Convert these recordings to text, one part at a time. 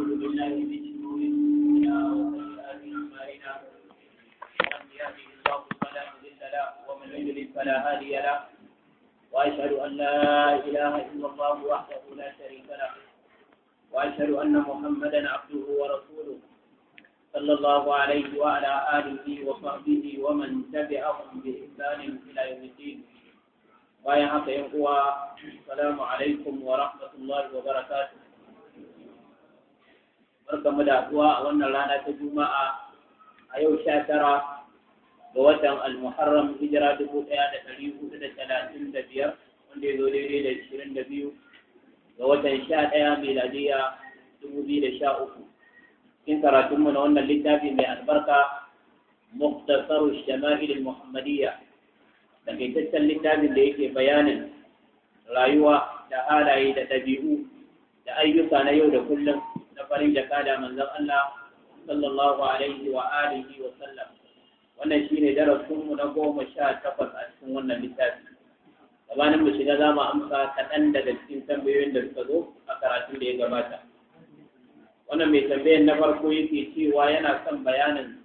ونعوذ بالله من شرور انفسنا وسيئات اعمالنا من يهده الله فلا مضل له ومن يضلل فلا هادي له واشهد ان لا اله الا الله وحده لا شريك له واشهد ان محمدا عبده ورسوله صلى الله عليه وعلى اله وصحبه ومن تبعهم باحسان الى يوم الدين bayan haka yan uwa assalamu alaikum wa rahmatullahi barkamu da haɗuwa a wannan rana ta juma'a a yau sha tara ga watan almuharram hijira dubu ɗaya da ɗari hudu da talatin da biyar wanda ya zo daidai da ashirin da biyu ga watan sha ɗaya miladiya dubu biyu da sha uku cikin karatunmu na wannan littafi mai albarka muktasaru shama'il muhammadiyya da littafin da yake bayanin rayuwa da halaye da ɗabi'u da ayyuka na yau da kullum ta farin jaka da manzon Allah sallallahu alaihi wa alihi wa sallam wannan shine darasin mu na goma sha takwas a cikin wannan littafi gabanin mu shiga za mu amsa kaɗan daga cikin tambayoyin da suka zo a karatun da ya gabata wannan mai tambayar na farko yake cewa yana son bayanin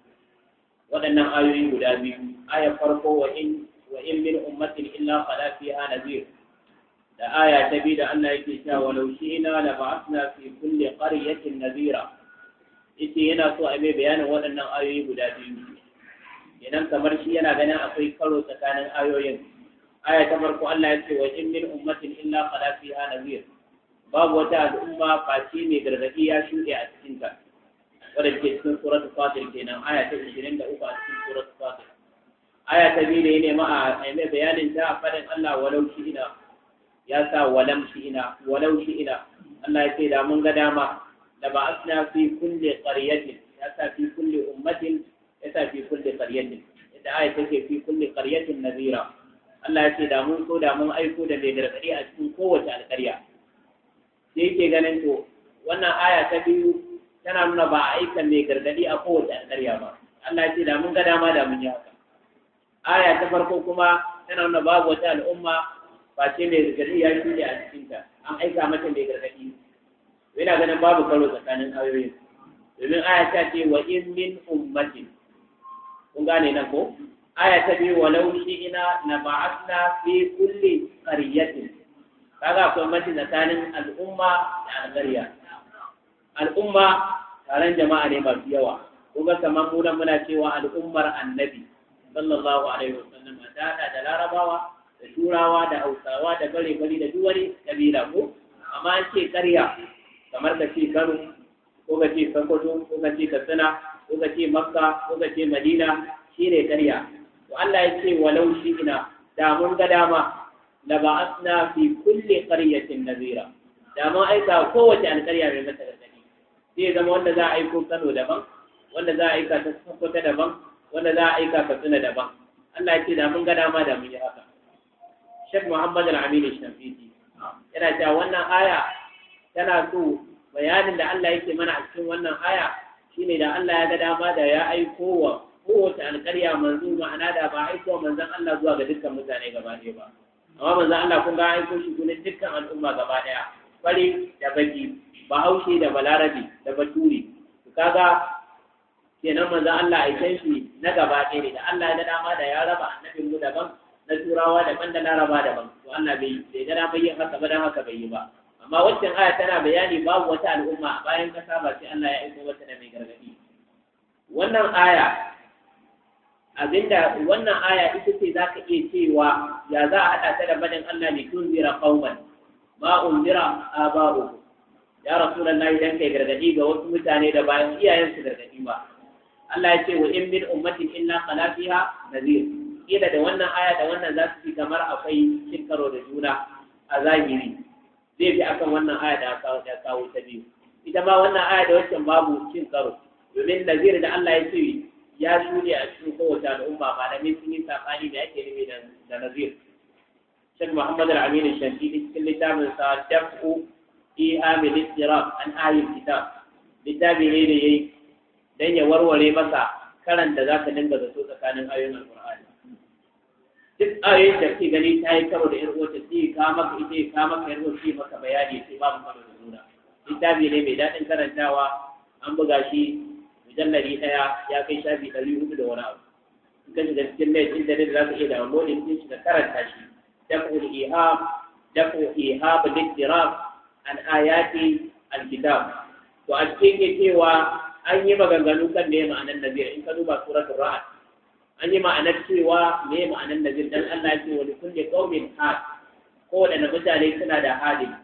waɗannan ayoyi guda biyu ayar farko wa in min ummatin illa qala fiha Nazir. da aya ta biyu da Allah yake cewa walau ina la ba'athna fi kulli qaryatin nadhira yace yana so a mai bayanin waɗannan ayoyi guda biyu idan kamar shi yana ganin akwai karo tsakanin ayoyin aya ta farko Allah ya ce wa in min ummatin illa qala fiha nadhir babu wata al'umma face mai gargadi ya shuɗe a cikin ta wadda ke cikin suratul fatir kenan aya ta 23 a cikin suratul fatir aya ta biyu ne ma a mai bayanin ta fadin Allah walau shi ina ya sa walam ina walau ina Allah ya ce da mun ga dama da ba asna fi kulli qaryatin ya sa fi kulli ummatin ya sa fi kulli qaryatin da aya take fi kulli qaryatin nazira Allah ya ce da mun so da mun aiko da mai gargadi a cikin kowace alƙarya da yake ganin to wannan aya ta biyu tana nuna ba a aika mai gargadi a kowace alƙarya ba Allah ya ce da mun ga dama da mun yi haka aya ta farko kuma tana nuna babu wata al'umma ba ce mai gargaɗi ya shuɗe a cikinta an aika mata mai gargaɗi yana ganin babu karo tsakanin ayoyin domin aya ta ce wa in min ummatin kun gane nan ko aya ta biyu walau ina na ba'athna fi kulli qaryatin kaga akwai mace tsakanin al'umma da alƙarya al'umma taron jama'a ne masu yawa kuma kamar mu muna cewa al'ummar annabi sallallahu alaihi wasallam da da larabawa da turawa da hausawa da bare bare da duwari wani kabila ko amma an ce ƙarya kamar ka ce kano ko ka ce sokoto ko ka ce katsina ko ka ce makka ko ka ce madina shi ne ƙarya to Allah ya ce walau shi ina da mun ga dama la ba'athna fi kulli qaryatin nazira da mun aika kowace alƙarya mai mata gargadi zai zama wanda za a aiko Kano daban wanda za a aika ta Sokoto daban wanda za a aika Katsina daban Allah ya ce da mun ga dama da mun yi haka Sheikh Muhammad Al-Amin Shafiti yana cewa wannan aya tana so bayanin da Allah yake mana a cikin wannan aya Shi ne da Allah ya ga dama da ya aiko wa kowace alƙarya manzo ma'ana da ba aiko wa manzon Allah zuwa ga dukkan mutane gaba ɗaya ba amma manzon Allah kun ga aiko shi ne dukkan al'umma gaba ɗaya fari da baki bahaushe da balarabi da baturi kaga kenan manzon Allah aikin shi na gaba ɗaya ne da Allah ya ga dama da ya raba annabin mu daban na turawa daban da laraba daban to Allah bai bai da bai haka ba dan haka bai yi ba amma waccan aya tana bayani babu wata al'umma bayan kasa ba sai Allah ya aiko wata da mai gargadi wannan aya abinda wannan aya ita ce zaka iya cewa ya za a haɗa ta da banin Allah ne tun zira ba ma a abaru ya rasulullahi dan kai gargadi ga wasu mutane da bayan iyayensu gargadi ba Allah ya ce wa in min ummatin illa qala fiha nadhir kila da wannan aya da wannan za su fi kamar akwai cin karo da juna a zahiri zai fi akan wannan aya da ya kawo ta biyu ita ma wannan aya da wancan babu cin karo domin nazir da Allah ya ce ya shuri a cikin kowace al'umma da sun yin sakani da ake nufi da nazir Sheikh Muhammad Al-Amin Shafi'i cikin littafin sa Dafu fi amil istirab an ayin kitab littafi ne da yayi dan ya warware masa karanta za ka dinga zato tsakanin ayoyin duk ayoyin da ke gani ta yi karo da yarwar ta ce ka maka ita ka maka ce maka bayani sai babu karo da nuna littafi ne mai daɗin karantawa an buga shi wajen mujallari ɗaya ya kai shafi ɗari hudu da wani abu in ka shiga cikin mai da za ka iya da wani ɗin shi shiga karanta shi dafu ihab dafu ihab littirab an ayati alkitab to a cikin cewa an yi maganganu kan da ya ma'anar nazir in ka duba suratul ra'd an yi ma'anar cewa me ma'anar nazir dan Allah ya ce wa kulli qaumin had kowane mutane suna da hadin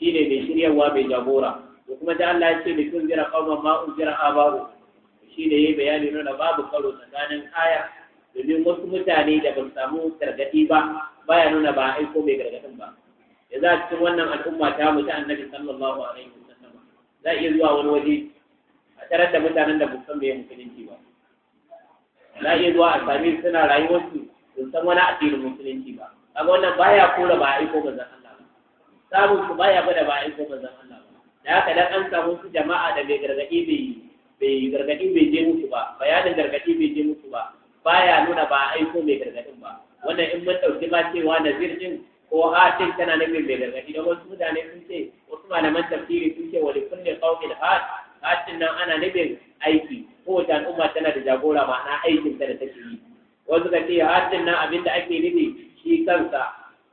shine mai shiryawa mai jagora da kuma da Allah ya ce da kun jira qauman ma shi abaru shine yayi bayani nuna babu karo tsakanin aya domin wasu mutane da ba su samu gargadi ba baya nuna ba aiko mai gargadin ba ya za cikin wannan al'umma ta mutu annabi sallallahu alaihi wasallam za a iya zuwa wani waje a tarar da mutanen da ba san me musulunci ba na zuwa a sami suna rayuwarsu sun san wani asirin musulunci ba kaga wannan baya kora ba a ga zan Allah ba samun su baya bada ba a ga zan Allah ba da haka dan an samu su jama'a da bai gargadi bai bai gargadi bai je musu ba bayanin gargadi bai je musu ba baya nuna ba a aiko mai gargadin ba wannan in mun dauki ba cewa nazir din ko cikin tana nufin mai gargadi da wasu mutane sun ce wasu malaman tafsiri sun ce wani kulle kaumin hat hatin nan ana nufin aiki kowace al'umma tana da jagora ma'ana aikin ta da take yi wasu ka ce hajjin ah, nan abin da ake nufi shi kansa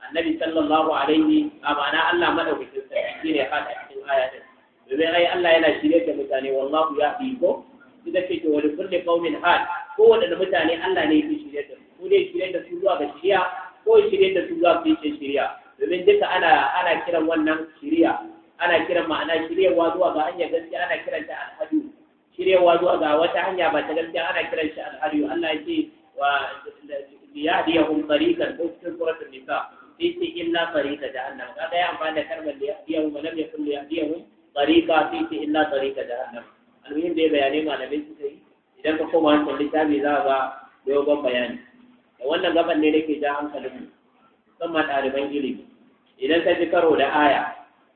annabi sallallahu alaihi a ma'ana Allah madaukakin sarki shine ne fada cikin aya din domin ai Allah yana shirye da mutane wallahu ya fi ko ita ce ke wani kulli qaumin hal ko wanda mutane Allah ne yake shirye da su ne shirye da su zuwa ga shiriya ko shirye da su zuwa ga shiriya domin duka ana ana kiran wannan shiriya ana kiran ma'ana shiryewa zuwa ga hanyar gaskiya ana kiranta alhadu shirewa zuwa ga wata hanya ba ta gaskiya ana kiran shi alhari Allah ya ce wa liyahdiyahum tariqan ko cikin suratul nisa sai ce illa tariqa jahannam kaga ya amfani da kalmar liyahdiyahum wa lam yakul hum tariqa sai ce illa tariqa jahannam almuhim dai bayanai malamai suka yi idan ka koma wannan littafi za ga dogon bayani da wannan gaban ne nake ja hankalin mu musamman ɗaliban ilimi idan ka ji karo da aya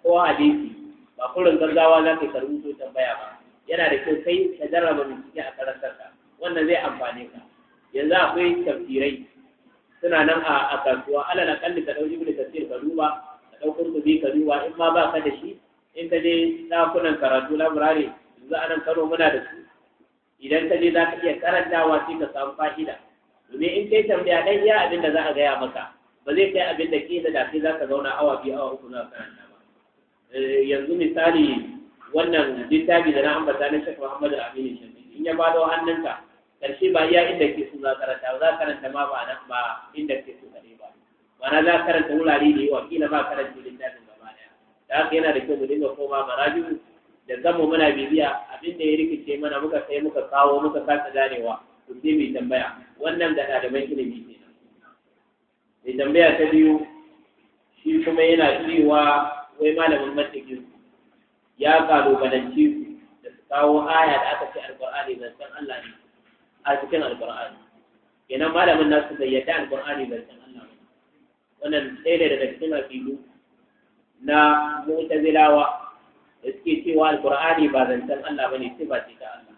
ko hadisi ba kurin gaggawa za ka yi karuto tambaya ba yana da kyau kai ka jarraba bincike a karantarka wannan zai amfane ka yanzu akwai tafsirai suna nan a kasuwa alal akalli ka dauki ibnu tafsir ka duba ka daukar ka duba in ma ba ka da shi in ka je dakunan karatu laburare yanzu anan karo muna da su idan ka je za ka iya karantawa sai ka samu fa'ida domin in kai tambaya ɗan iya abin da za a gaya maka ba zai kai abin da ke da dafi za ka zauna awa biyu awa uku na karanta ba eh, yanzu misali wannan littafi da na ambata na Sheikh Muhammad Aminu Shafi in ya bada hannunka karshe ba iya inda ke so za karanta ba za karanta ma ba nan ba inda ke so kare ba ma'ana za karanta wurare da yawa kila ba karanta littafin gaba daya da haka yana da kyau mu dinga koma marajiu da zamu muna bibiya abin da ya rikice mana muka sai muka kawo muka kasa ganewa to sai mu tambaya wannan da kina ilimi ne mai tambaya ta biyu shi kuma yana cewa wai malamin mantiki ya kalubalanci su da su kawo aya da aka ce alqur'ani zancen Allah ne a cikin alqur'ani kenan malamin nasu bai yadda alqur'ani zancen Allah ne wannan ɗaya ne daga cikin aqidu na mu'tazilawa da suke cewa alqur'ani ba zancen Allah bane sai ba ce ta Allah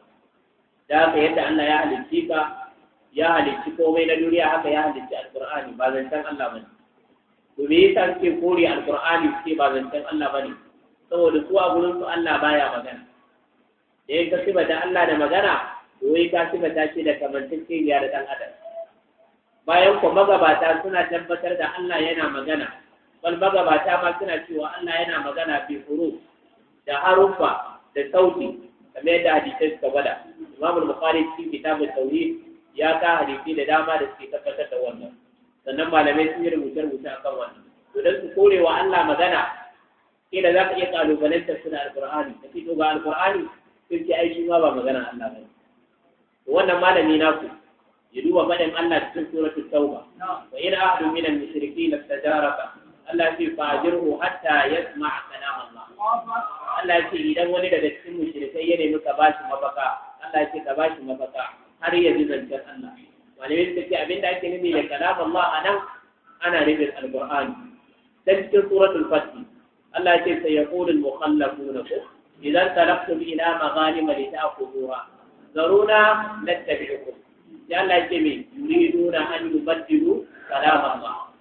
da haka yadda Allah ya halicci ka ya halicci komai na duniya haka ya halicci alqur'ani ba zancen Allah bane to me yasa suke kore alqur'ani suke ba zancen Allah bane saboda su a gurin su Allah baya magana da ya ka da Allah da magana doyi wai ta ce shi da kamanceceniya da ɗan adam bayan ku magabata suna tabbatar da Allah yana magana bal magabata ma suna cewa Allah yana magana fi furu da haruffa da sauti kamar yadda hadisai suka gwada imamul Bukhari cikin kitabun tauhid ya ka hadisi da dama da suke tabbatar da wannan sannan malamai sun yi rubuce-rubuce akan wannan to don su korewa Allah magana kila za ka iya kalubalantar su da alkur'ani da fito ga alkur'ani sun ce ai shi ma ba magana Allah ba to wannan malami ku. ya duba faɗin Allah cikin suratul tauba wa in ahadu min al-mushrikeen istajaraka Allah ce fajirhu hatta yasma' kalam Allah Allah ce idan wani daga cikin mushrikai ya nemi ka bashi mafaka Allah ce ka bashi mafaka har ya ji zancen Allah malamai suka ce abinda ake nufi da kalam Allah anan ana nufin alqur'ani dan cikin suratul fatih Allah ya ce sayaqulu na ku. idan talaqtum ila maghanima litakhudhuha zaruna nattabi'ukum ya Allah ya ce me yuriduna an baddiru kalam ba.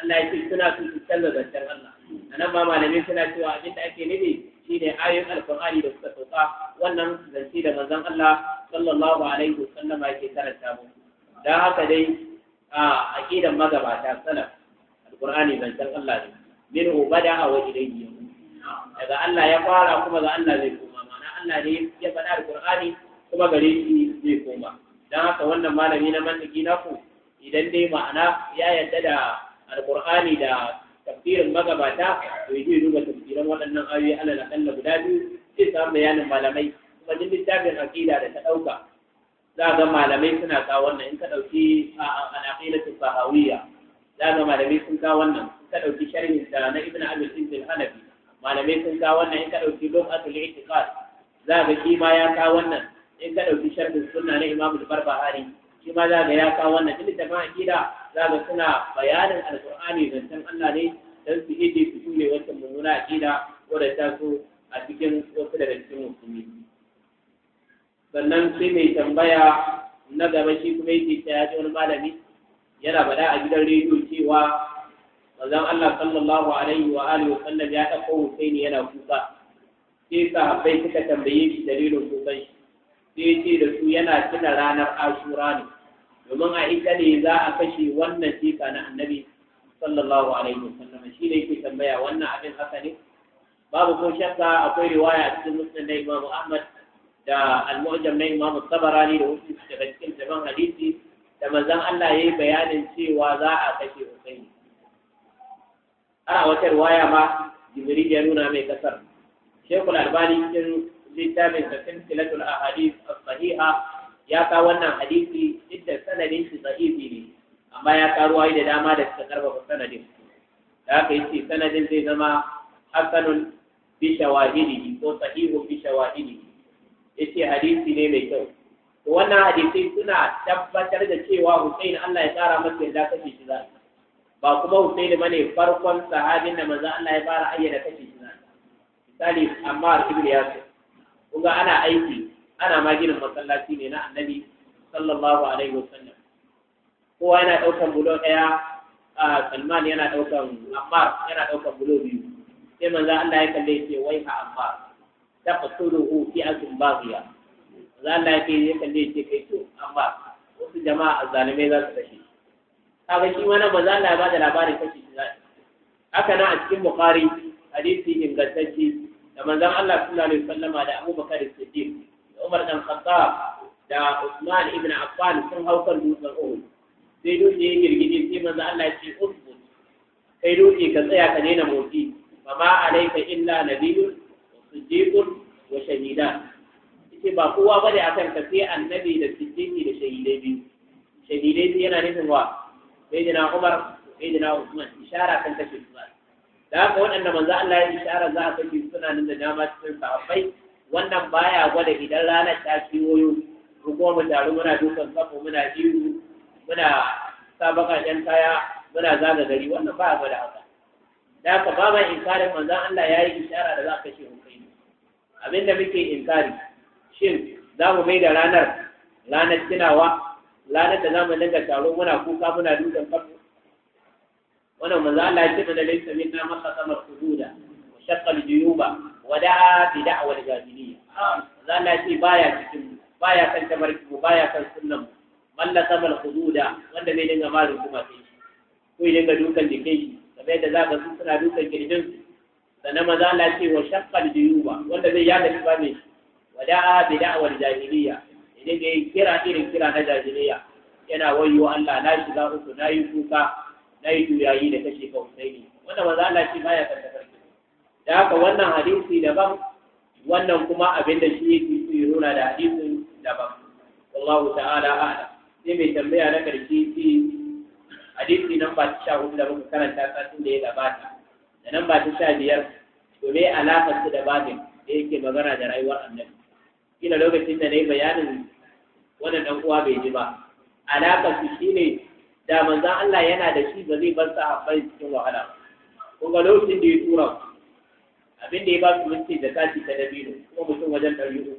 Allah ya ce suna su tsalla zancen Allah anan ma malamai suna cewa abin da ake nufi ne ayoyin alqur'ani da suka sauka wannan zance da manzon Allah sallallahu alaihi wasallama yake karanta mu dan haka dai a aqidan magabata salaf alqur'ani zancen Allah ne min ubada wa ilayhi daga Allah ya fara kuma ga Allah zai koma mana Allah ne ya faɗa alqur'ani kuma gare shi zai koma dan haka wannan malami na mantiki na ku idan dai ma'ana ya yadda da alqur'ani da tafsirin magabata to yaje duba tafsirin waɗannan ayoyi Allah na kalla guda biyu sai samu bayanin malamai kuma duk littafin aqida da ta ɗauka za ga malamai suna kawo wannan in ka ɗauki a al'aqidatul fahawiyya za ga malamai sun kawo wannan ka ɗauki sharhin da na ibn al aziz al-hanafi malamai sun ga wannan in ka ɗauki lokacin al-i'tiqad za ga kima ya ka wannan in ka ɗauki sharhin sunna na imam al-barbahari shi ma za ga ya ka wannan duk da ma akida za ga suna bayanin Al-ƙur'ani alqur'ani zancen Allah ne dan su ije su ture wata mummuna akida da ta so a cikin wasu daga cikin musulmi sannan sai mai tambaya na gaba shi kuma yake ta yaji wani malami yana bada a gidan rediyo cewa manzon Allah sallallahu alaihi wa alihi wa sallam ya dauko Husaini yana kuka sai sahabbai suka tambaye shi dalilin kukan shi sai ya ce da su yana tuna ranar Ashura ne domin a ita ne za a kashe wannan jika na Annabi sallallahu alaihi wa sallam shi ne yake tambaya wannan abin haka ne babu ko shakka akwai riwaya cikin musnad na Imam Ahmad da al-Mu'jam na Imam Tabarani da wasu daga cikin jaman hadisi da manzon Allah ya yi bayanin cewa za a kashe Husaini ana wata waya ma jibril ya nuna mai kasar shekul albani cikin littafin da silsilatul ahadith as-sahiha ya ka wannan hadisi inda sanadin shi sahihi ne amma ya ka ruwayi da dama da suka karfafa sanadin da aka yi sanadin zai zama hasanun bi shawahidihi ko sahihun bi Ya yace hadisi ne mai kyau to wannan hadisi suna tabbatar da cewa Hussein Allah ya kara masa yadda kake shi zai ba kuma Husaini bane farkon sahabin da manzo Allah ya fara ayyana kashi suna misali amma ibn Yasir kuma ana aiki ana ma masallaci ne na Annabi sallallahu alaihi wasallam kowa yana daukan bulo daya a Salman yana daukan Ammar yana daukan bulo biyu sai manzo Allah ya kalle ce wai ha Ammar da fasuluhu fi azm baghiya manzo Allah ya kalle ce kai to Ammar wasu jama'a zalimai za su kashe kaga shi ma nan manzo Allah ya bada labarin kashi zai haka nan a cikin bukhari hadisi ingantacce da manzan Allah sallallahu alaihi wasallama da Abu Bakar Siddiq da Umar dan Khattab da Usman ibn Affan sun hau kan dutsen Uhud sai dole ya girgije sai manzo Allah ya ce usbut kai dole ka tsaya ka daina motsi fa ma alayka illa nabiyyun siddiqun wa shahida ce ba kowa bane akan ka sai annabi da siddiqi da shahidai biyu shahidai yana nufin wa sayyidina Umar sayyidina Usman ishara kan kashe su da haka waɗanda manzo Allah ya yi ishara za a kashe suna nan da dama cikin sahabbai wannan baya gwada idan ranar ta kiwoyo rugo mu taru muna dukan kafo muna jiru muna sa bakajen kaya muna zaga gari wannan baya gwada haka da ka ba ma inkarin manzo Allah ya yi ishara da za a kashe hukai abinda muke inkari shin za mu mai da ranar ranar tunawa ranar da za mu dinga taro muna kuka muna dutsen kafu wannan manzo Allah ya ce mana laysa minna man qasama al-hududa wa shaqqa al-juyuba wa da'a bi da'wa al-jahiliyya manzo Allah ya ce baya cikin baya kan tabarki mu baya kan sunnan malla man qasama al wanda bai dinga ma rukuma sai ko ya dinga dukan jikin shi kamar yadda zaka su suna dukan kirjin sannan manzo Allah ya ce wa shaqqa al-juyuba wanda bai yaga shi ba ne wa da'a bi da'wa al-jahiliyya idan ya yi kira irin kira na jajiriya yana wayo Allah na shiga uku na yi kuka na yi juyayi da kashe ka Husaini wannan maza Allah shi baya san tafarki da haka wannan hadisi daban wannan kuma abin da shi yake so ya nuna da hadisin daban wallahu ta'ala a'lam sai mai tambaya na karshe shi hadisi namba ta hudu da muka karanta kafin da ya gabata da namba ta biyar to me alakar su da babin da yake magana da rayuwar annabi kila lokacin da na yi bayanin wannan dan uwa bai ji ba alaƙar su shine da manzan Allah yana da shi ba zai bar sahabbai cikin wahala kun ga lokacin da ya tura abin da ya ba su mutunci da kashi ta dabino kuma mutum wajen ɗari uku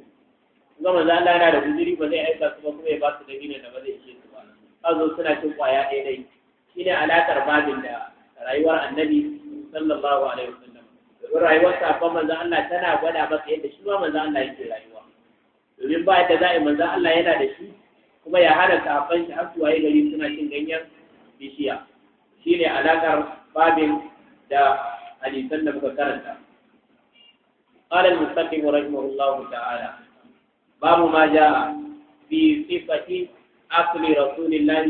kun ga Allah yana da guzuri ba zai aika su ba kuma ya ba su dabino da ba zai ishe su ba azo suna cin kwaya ɗaya dai shine alaƙar babin da rayuwar annabi sallallahu alaihi wasallam rayuwar sahabban manzan Allah tana gwada maka yadda shi ma manzon Allah yake rayuwa domin ba yadda za yi manzan Allah yana da shi kuma ya hana sahabban shi har suwaye gari suna cin ganyen bishiya shine alakar babin da hadisan da muka karanta قال المستقيم رحمه الله تعالى باب ما جاء في صفة أكل رسول الله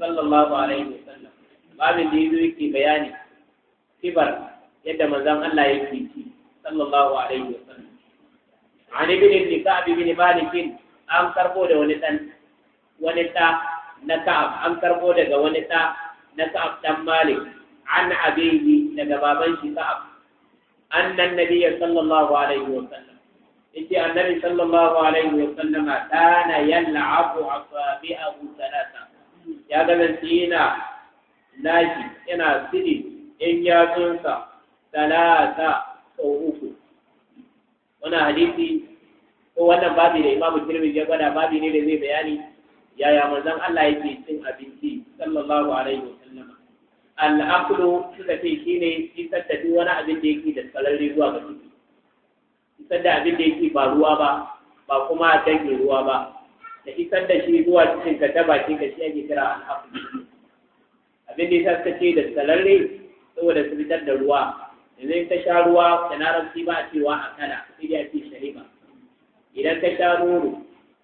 صلى الله عليه وسلم باب الذي يكي بياني كبر يد من الله يكي صلى الله عليه وسلم an ibn ibn ka'ab ibn malik an karbo da wani dan wani ta na ka'ab an karbo daga wani ta na ka'ab dan malik an abihi daga baban shi ka'ab annan nabiyya sallallahu alaihi wa sallam yace annabi sallallahu alaihi wa sallam kana yal'abu asabi'ahu ya ga yana yana sidi in yatsunsa thalatha sau wannan hadisi ko wannan babi da imamu tirmidhi ya gwada babi ne da zai bayani yaya manzon Allah yake cin abinci sallallahu alaihi wasallam al-aqlu suka ce shine isar da duk wani abin da yake da tsalalle zuwa ga ciki isar da abin da yake ba ruwa ba ba kuma dangin ruwa ba da isar da shi zuwa cikin ka ta baki ka shi ake kira al-aqlu abin da yasa suka ce da tsalalle saboda su fitar da ruwa idan ka sha ruwa da larabci ba a cewa a kala sai dai a ce shariba idan ka sha nono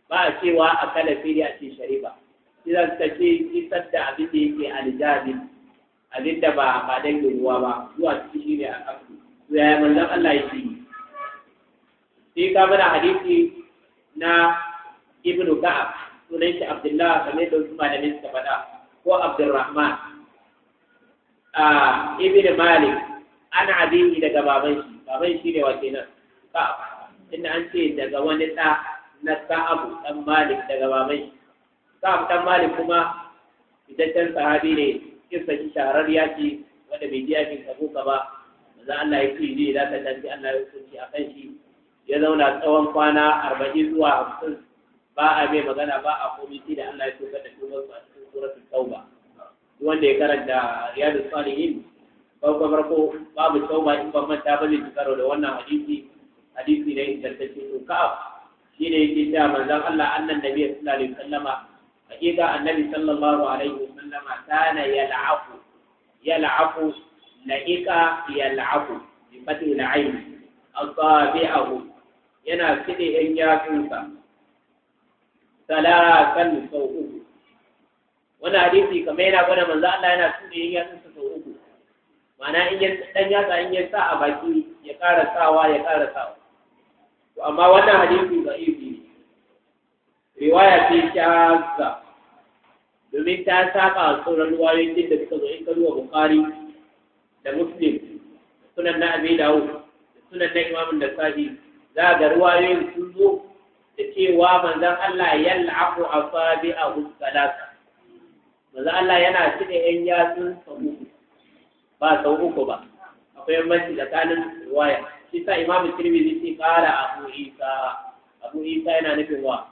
ba a cewa a kala sai dai a ce shariba idan ka ce isar da abin da yake alijabi abin da ba ba dangin ruwa ba zuwa ciki shi ne a kafu to yaya manzon Allah ya ce sai ka mana hadisi na ibnu ka'ab sunan shi Abdullahi kamar da wasu malamin suka faɗa ko abdurrahman ah, ibn malik ana abihi daga baban shi baban shi ne wace nan ka'ab inda an ce daga wani ɗa na ka'abu dan malik daga baban shi ka'ab dan malik kuma fitaccen sahabi ne kisa shi ya ce wanda bai ji yakin ka ba maza Allah ya ce ne za ta tafi Allah ya hukunci a kan shi ya zauna tsawon kwana arba'in zuwa hamsin ba a mai magana ba a komiti da Allah ya so da tubar su a cikin suratul tauba wanda ya karanta riyadus salihin farko farko babu tauba in ban manta ba zai karo da wannan hadisi hadisi ne take to ka shi ne yake cewa manzon Allah annan nabi sallallahu alaihi wasallama hakika annabi sallallahu alaihi wasallama kana yal'afu yal'afu la'ika yal'afu bi fatil ayn asabi'ahu yana kide yan yatsunsa salatan sau uku wannan hadisi kamar yana gwada manzo Allah yana kide yan yatsunsa sau uku mana in ya dan yatsa in ya sa a baki ya ƙara sawa ya ƙara sawa to amma wannan hadisi da ne. riwaya ce ta domin ta saba a sauran ruwayoyin da suka zo in ka zuwa bukari da muslim da sunan na abi dawud da sunan na imamun da sahi za ga ruwayoyin sun zo da cewa manzan Allah yal'aqu asabi'ahu salasa manzon Allah yana cire yan yatsun samu. ba sau uku ba akwai mace tsakanin riwaya. shi sa imam tirmidhi sai kara abu isa abu isa yana nufin wa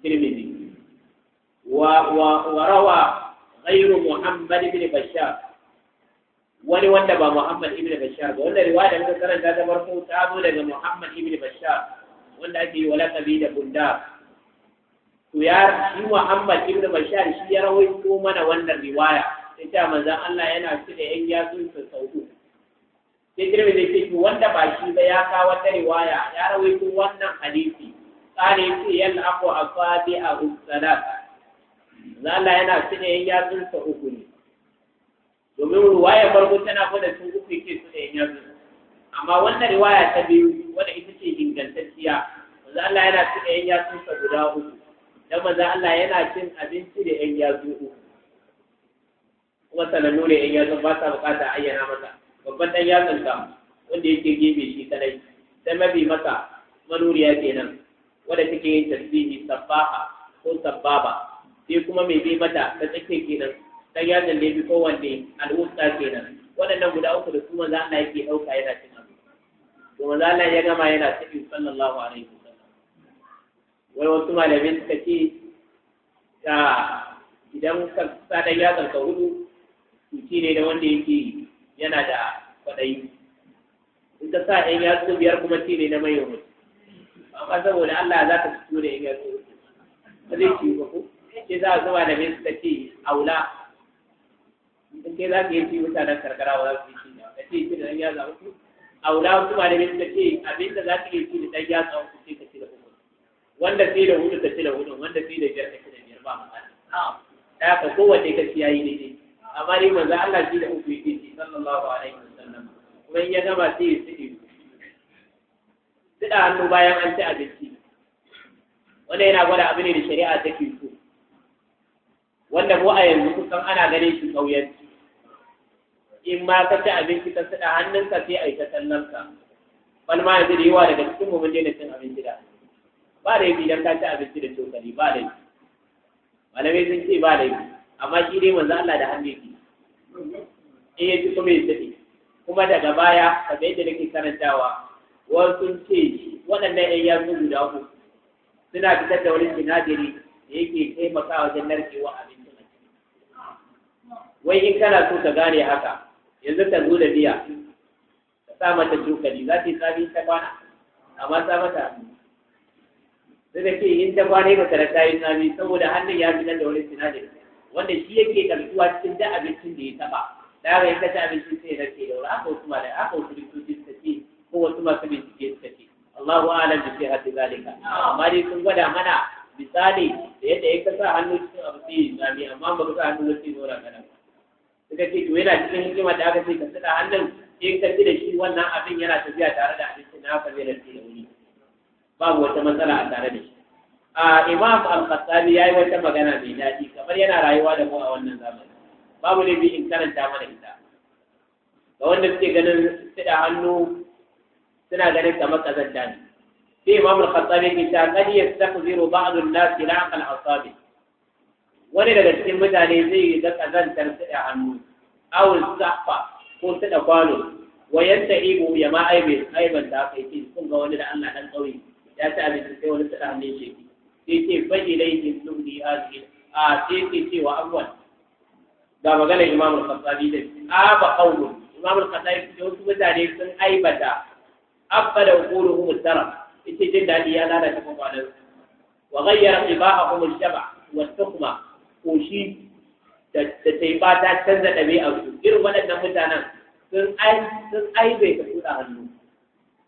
tirmidhi wa wa wa rawa ghayru muhammad ibn bashar wani wanda ba muhammad ibn bashar ba wannan riwaya da muka karanta ta farko ta zo daga muhammad ibn bashar wanda ake yi wa laqabi da bundar to ya shi Muhammad ibn Bashar shi ya rawaito mana wannan riwaya ita manzan Allah yana cire yan yatsun su sau uku sai tirmidhi ce to wanda ba shi ba ya kawo wata riwaya ya rawaito wannan hadisi tsare ce yan aku asabi a usalata Allah yana cire yan yatsun sa uku ne domin riwaya farko tana gwada sun uku yake cire yan yatsun amma wannan riwaya ta biyu wadda ita ce ingantacciya manzo Allah yana cire yan yatsun sa guda uku dan manzo Allah yana cin abinci da yan yatsun uku kuma sanannu ne in ya ba sa bukata ayyana masa babban dan yatsan ka wanda yake gefe shi kadai sai mabi masa manuriya kenan wanda take yin tasbihi sabbaha ko sabbaba sai kuma mai bi mata ta tsake kenan dan yatsan da yafi kowanne al'usta kenan waɗannan guda uku da su manzo Allah yake ɗauka yana cin abu to manzo Allah ya gama yana cin sallallahu alaihi wasallam wai wasu malamin suka ce ah, idan ka sa dan yatsan ka hudu shi ne da wanda yake yana da kwaɗayi in ka sa ɗan yatsu biyar kuma shi ne na mai yau amma saboda Allah za ka fito da ɗan yatsu ba zai ci ba ko ke za a zuba da mai suka ce aula in ke za ka yi ci mutanen karkara ba za su yi ci ne ka ce ci da ɗan a uku aula wasu ba da mai suka ce abin da za ka yi ci da ɗan a uku sai ka ci da kuma. wanda sai da hudu ka ci da hudu wanda sai da biyar ka ci da biyar ba matsala da ka kowanne ka ci yayi daidai amma dai manzo Allah shi da uku yake shi sallallahu alaihi wasallam kuma in ya gama shi ya tsige tsida hannu bayan an ci abinci wanda yana gwada abu ne da shari'a take so wanda mu a yanzu kusan ana ganin shi kauyanci in ma ka ci abinci ka tsida hannunka sai a yi ta sallanka wani ma yanzu da yawa daga cikin mu mun daina cin abinci da ba da yi idan ka ci abinci da cokali ba da yi malamai sun ce ba da yi amma shi dai manzo Allah da hannun yake in ya ji kuma ya kuma daga baya kamar yadda nake karantawa wasu ce waɗannan ɗan yatsu guda uku suna fitar da wani sinadari da yake taimakawa wajen narkewa abinci a ciki wai in kana so ka gane haka yanzu ka zo da biya ka sa mata cokali za ta yi sabi ta kwana amma sa mata sai da ke in ta kwana ba ta da yi saboda hannun ya fitar da wani sinadari wanda shi yake ɗalkuwa cikin da abincin da ya taɓa da ga yadda abincin sai na ke da aka wasu ya aka wasu likitoci suka ce ko wasu masu bincike suka ce Allahu a'lam bi sai hadu zalika amma dai sun gwada mana misali da yadda ya kasa hannu cikin abu sai zami amma ba ka sa cikin sai dora kana suka ce to yana cikin hikima da aka ce ka saka hannun in ka ci da shi wannan abin yana tafiya tare da abincin na haka zai rantsi da wuri babu wata matsala a tare da shi a imam al ya yi wata magana mai daɗi kamar yana rayuwa da mu a wannan zamani babu ne bi in karanta mana ita ga wanda suke ganin tsida hannu suna ganin kamar kazanta ne sai imam al qasabi ke ta kadi yastaqziru ba'd an-nas al qasabi wani daga cikin mutane zai yi ga kazantar tsida hannu awul safa ko tsida kwano wayanta ibu ya ma aibe aiban da aka yi kun ga wani da Allah dan ƙauye ya ci abinci sai wani tsida hannu yake sai ce fa ilayhi tuhdi ne a sai ke cewa abuwan ga maganar Imam al-Khattabi da ba qawlun Imam al-Khattabi da wasu mutane sun aibata da quluhum al-tarab yace jin dadi ya lalata kwakwalen wa ghayyara qiba'ahum al-shaba wa al-tuqma koshi da taifa ta canza ɗabi'ar su irin waɗannan mutanen sun aibe ta kuɗa hannu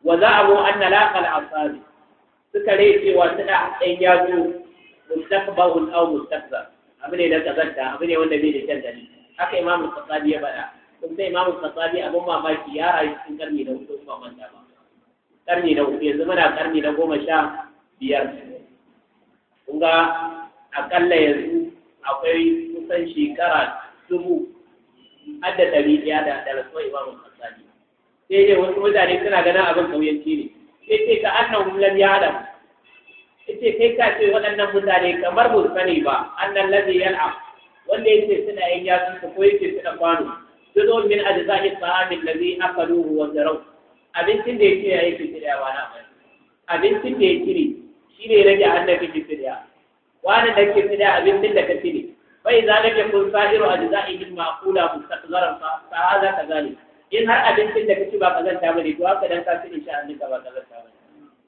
wa za a mu an na laƙa al'asari suka rai cewa suna ɗan yatsu mustaqbalun aw mustaqbal abu ne da kazanta abu ne wanda bai da kyan dalili haka imamu tsatsabi ya bada kun sai imamu tsatsabi abin mamaki ya rayu cikin karni da hudu ba manta ba karni da hudu yanzu muna karni da goma sha biyar kun ga akalla yanzu akwai kusan shekara dubu har da ɗari ɗaya da rasuwa imamu tsatsabi sai dai wasu mutane suna ganin abin kauyanci ne yace ka annahum lam ya'lam yace kai ka ce waɗannan mutane kamar ba sani ba annan ladhi yal'am wanda yace suna yin yasu ko yace suna kwano juzun min ajza'i zai ladhi akaluhu wa daraw abincin da yake yayi fitiriya ba na abincin da yake ne shine rage annabi fitiriya wani da ke fitiriya abincin da ka kun a فإذا لم يكن سائر أجزائه معقولا za ka gane in har abincin da kace ba kazanta bane to haka dan ka ci insha Allah ba kazanta bane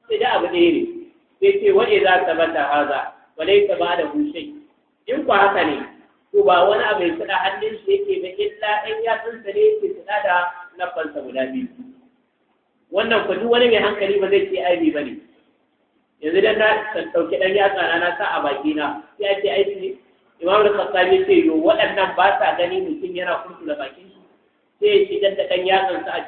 sai da abu ɗaya ne sai ce wa idza tabata haza wa laysa bada shay in ku haka ne to ba wani abu ya tsada hannun shi yake ba illa in ya tsunta ne yake tsada da sa guda biyu wannan ku duk wani mai hankali ba zai ce aibi bane yanzu dan na ɗauki ɗan yatsa na na sa a baki na sai a aibi aiki ne imam da ce yo waɗannan ba sa gani mutum yana kurkula bakin sai ya shigar da ɗan yatsansa a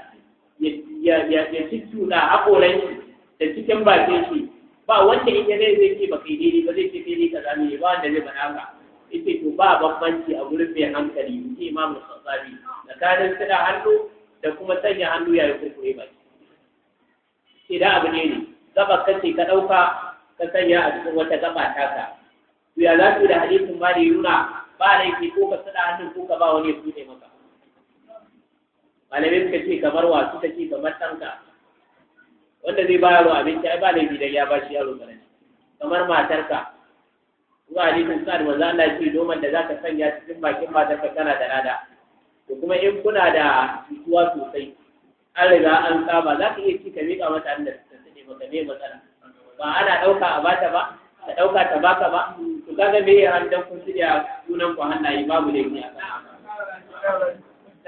ya ci cuɗa haƙoran shi da cikin bakin shi ba wanda in zai zai ce baka daidai ba zai ce daidai ka zame ba wanda zai bada ka ita to ba bambanci a gurin mai hankali in ce imamu da tsakanin tsira hannu da kuma sanya hannu yayin kurkure Sai da abu ne ne gaba kace ka ɗauka ka sanya a cikin wata gaba ka to ya za da hadisin ba da yuna ba laifi ko ka tsira hannun ko ka ba wani ya buɗe maka malamin suka ce kamar wasu ce kamar tanka wanda zai ba yaro abinci ai ba laifi dan ya ba shi yaro karami kamar matarka kuma hadisin sa'ad manzo Allah ya ce doman da zaka sanya cikin bakin matarka kana da nada to kuma in kuna da cutuwa sosai an riga an saba za ka iya ci ka miƙa mata inda ta tsaye maka ne matsala ba ana ɗauka a bata ba ta ɗauka ta baka ba to kaga me ya ran don kun shirya sunan ku hannaye babu laifi a kan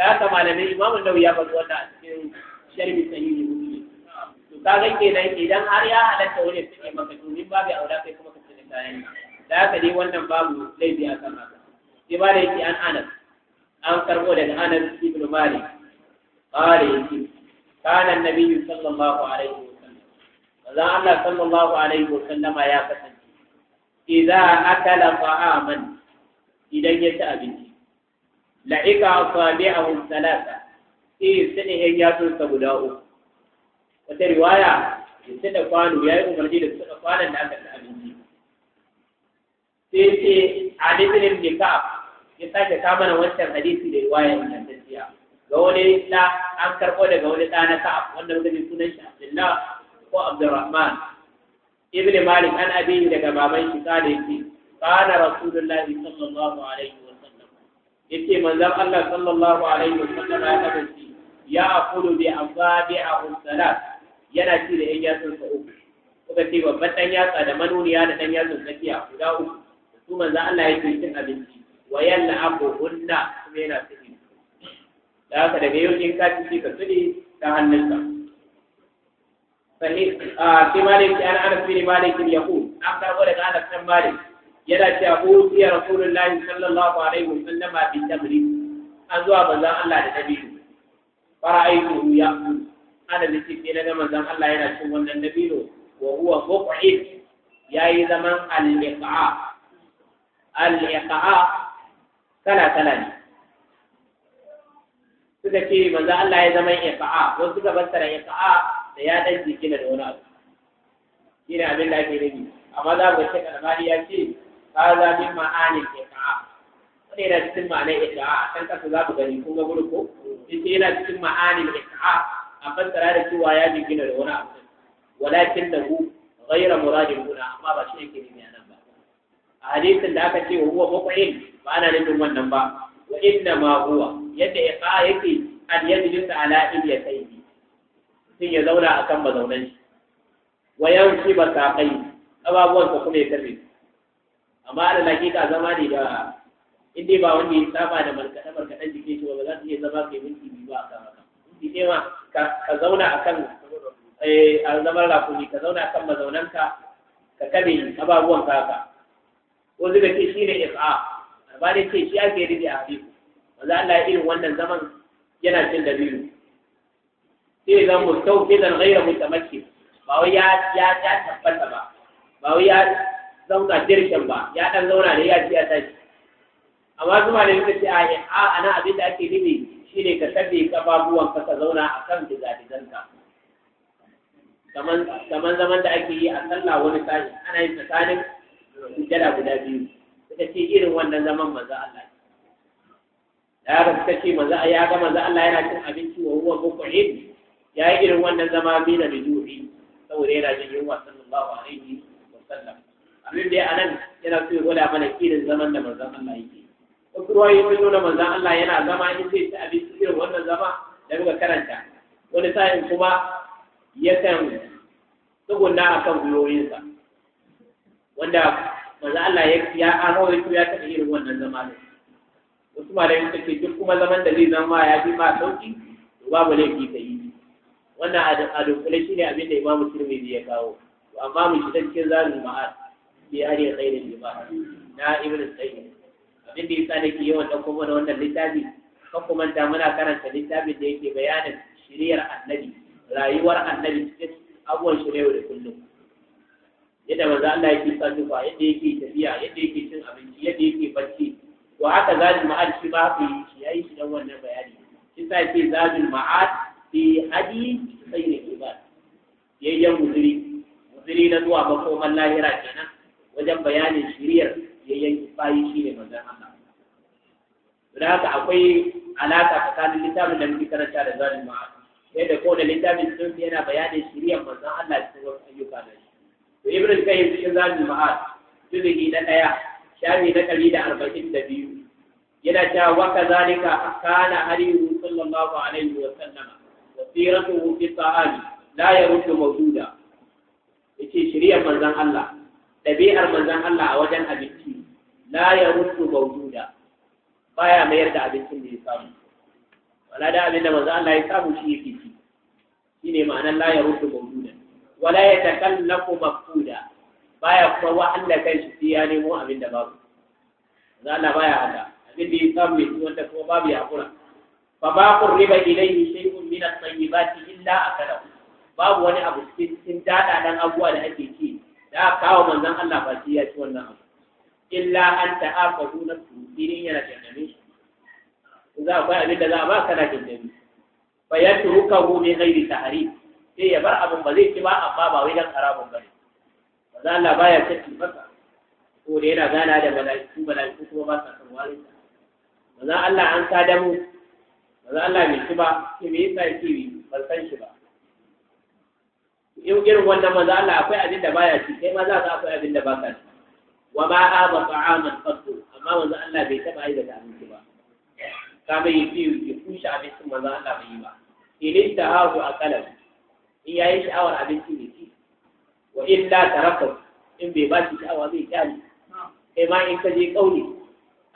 da haka malamai imamun da ya faɗi wannan cikin sharbi sahihi muslim to ka ke kenan idan har ya halatta wani suke maka domin babu aura kai kuma ka tsaya kayan da haka dai wannan babu laifi a kan haka sai ba da yake an anas an karbo daga anas ibnu malik qala yake kana annabi sallallahu alaihi wasallam manzo Allah sallallahu alaihi wasallam ya kasance idan akala ta'aman idan ya ci abinci la'ika asabi'ahum thalatha eh sani hen ya to sa guda uku wata riwaya ya da kwano ya yi umarni da sada kwana da aka ta abinci sai ce ali bin ibn ka'ab ya sake ka mana wancan hadisi da riwaya ta tafiya ga wani da an karbo daga wani da na ka'ab wanda muka ji sunan shi Abdullah ko Abdurrahman ibn Malik an abin daga baban shi kada yake kana rasulullahi sallallahu alaihi yace manzan Allah sallallahu alaihi wasallam ya shi ya aqulu bi asabi'ahu salat yana ci da yan yatsun sa uku suka ce babban dan yatsa da manuniya da dan yatsun tsakiya guda uku su manzan Allah yake cin abinci wa abu hunna kuma yana cin da haka da yau in ka ci ka tsiri ta hannunsa. sahih a shi ki an arfi bin malikin yahud an karbo daga anas malik yana a ko ya rasulullahi sallallahu alaihi wa sallam bi tamri an zuwa manzon Allah da dabino fara'aytu ya ana da cikin na zama zan Allah yana cin wannan dabino wa huwa ya yi zaman al-iqa al-iqa kala kala ne suka ce manzo Allah ya zama ifa'a wasu suka bantara ifa'a da ya dan jiki da wani abu shine abin da ake nufi amma za mu ce kalmari ya ce هذا من ke ta wani yana cikin ma'anar isha'a kan kasa za ku gani kun ga ko yace yana cikin ma'anin isha'a a fassara da cewa ya jingina da wani abu walakin da hu ghayra muradin kuna amma ba shi yake nufi nan ba a hadisin da aka ce wa huwa muqin ba ana nufin wannan ba wa inna ma huwa yadda isha'a yake an yajlisa ala ilyatayhi mutum ya zauna akan mazaunan shi wa yanshi ba ababuwan ka kuma ya tafi amma ala lakika zama ne da in ba wanda ya saba da markaɗe markaɗen jikin shi ba za su iya zama kai minti biyu ba a kan haka minti ma ka zauna a kan eh, a zaman rakuni ka zauna a kan mazaunanka ka kabe ababuwan haka. ko zuga ce shi ne ifa ba dai ce shi ake rike a fi maza Allah irin wannan zaman yana cin biyu sai zan mustaukidan ghayra mutamakkin ba wai ya ya tabbata ba ba wai ya ga jirgin ba ya dan zauna ne ya ci a tashi amma zuma ne suka ce a a ana abin da ake shi ne ka sabbe kafafuwan ka ka zauna a kan digadigan ka kaman zaman da ake yi a sallah wani sani, ana yin tsakanin jada guda biyu suka ce irin wannan zaman maza Allah da ya suka ce maza ya ga maza Allah yana cin abinci wa huwa muqim ya yi irin wannan zama mina bijuhi saboda yana jin yunwa sallallahu alaihi wa sallam abin da anan yana so ya gwada mana irin zaman da mazan Allah yake wasu ruwayoyi sun nuna manzon Allah yana zama in sai ta abinci irin wannan zama da muka karanta wani sa'in kuma ya kan tsugunna a kan gwiwoyinsa wanda manzon Allah ya an rawaito ya taɓa irin wannan zama da wasu malamai suka duk kuma zaman da zai zama ya fi ma sauƙi, to babu laifi ta yi wannan a dunkule shi ne abin da imamu tirmidhi ya kawo amma mu shi cikin zarin ma'ar. bi ari khairin ba na ibnu sayyid abin da yasa nake yawan kuma da wannan littafi kan kuma da muna karanta littafin da yake bayanin shiriyar annabi rayuwar annabi cikin abuwan shiriyar da kullum yadda manzo Allah yake tsadufa yadda yake tafiya yadda yake cin abinci yadda yake bacci wa haka zalim ma'ad shi ba ku shi yayi shi dan wannan bayani shi sa yake zalim ma'ad fi hadi sayyid ibad yayyan muzuri muzuri na zuwa makoman lahira kenan wajen bayanin shiriyar ya yanki bayi shi ne manzon Allah Da haka akwai alaƙa tsakanin littafin da muke karanta da zalim sai da kowane littafin sun yana bayanin shiriyar mazan Allah cikin wasu ayyuka da shi to ibn kayyim cikin zalim ma'ad juzuki na ɗaya shafi na ɗari da arba'in da biyu yana cewa wa a kana hadiyu sallallahu alaihi wa sallama basiratuhu fi ta'ali la yaruddu mawduda yace shiriyar mazan Allah ɗabi'ar manzan Allah a wajen abinci la ya rufu mawjuda baya mayar da abincin da ya samu wala da abin da manzon Allah ya samu shi yake ci shine ma'anar la ya rufu mawjuda wala ya takallafu mafkuda baya kuma wa Allah kai shi sai ya nemo abin da babu manzon Allah baya haka abin da ya samu ne wanda kuma babu ya kura. fa ba qurriba ilayhi shay'un min at-tayyibati illa akalahu babu wani abu cikin dada dan abuwa da ake ci da aka kawo manzan Allah ba ya ci wannan abu illa an ta'afadu na tsirin yana dangane shi za a bai abin da za a ba kana dangane fa ya turuka hu min ghairi tahari sai ya bar abin ba zai ci ba amma ba wai dan harabun bane manzon Allah baya ci masa ko da yana gana da mala'iku mala'iku kuma ba sa kan Ba za Allah an ka damu za Allah bai ci ba sai me yasa yake bi ban san shi ba irin wannan maza Allah akwai abin da baya ci kai ma za ka akwai abin da baka ci wa ma aba ta'aman qattu amma manzo Allah bai taba da abinci ba ka mai yi biyu ya kushe abincin maza Allah bai yi ba ilin a aqalam in yayi sha'awar abinci ne ci wa illa taraka in bai ba shi sha'awa zai kyale kai ma in ka je kauli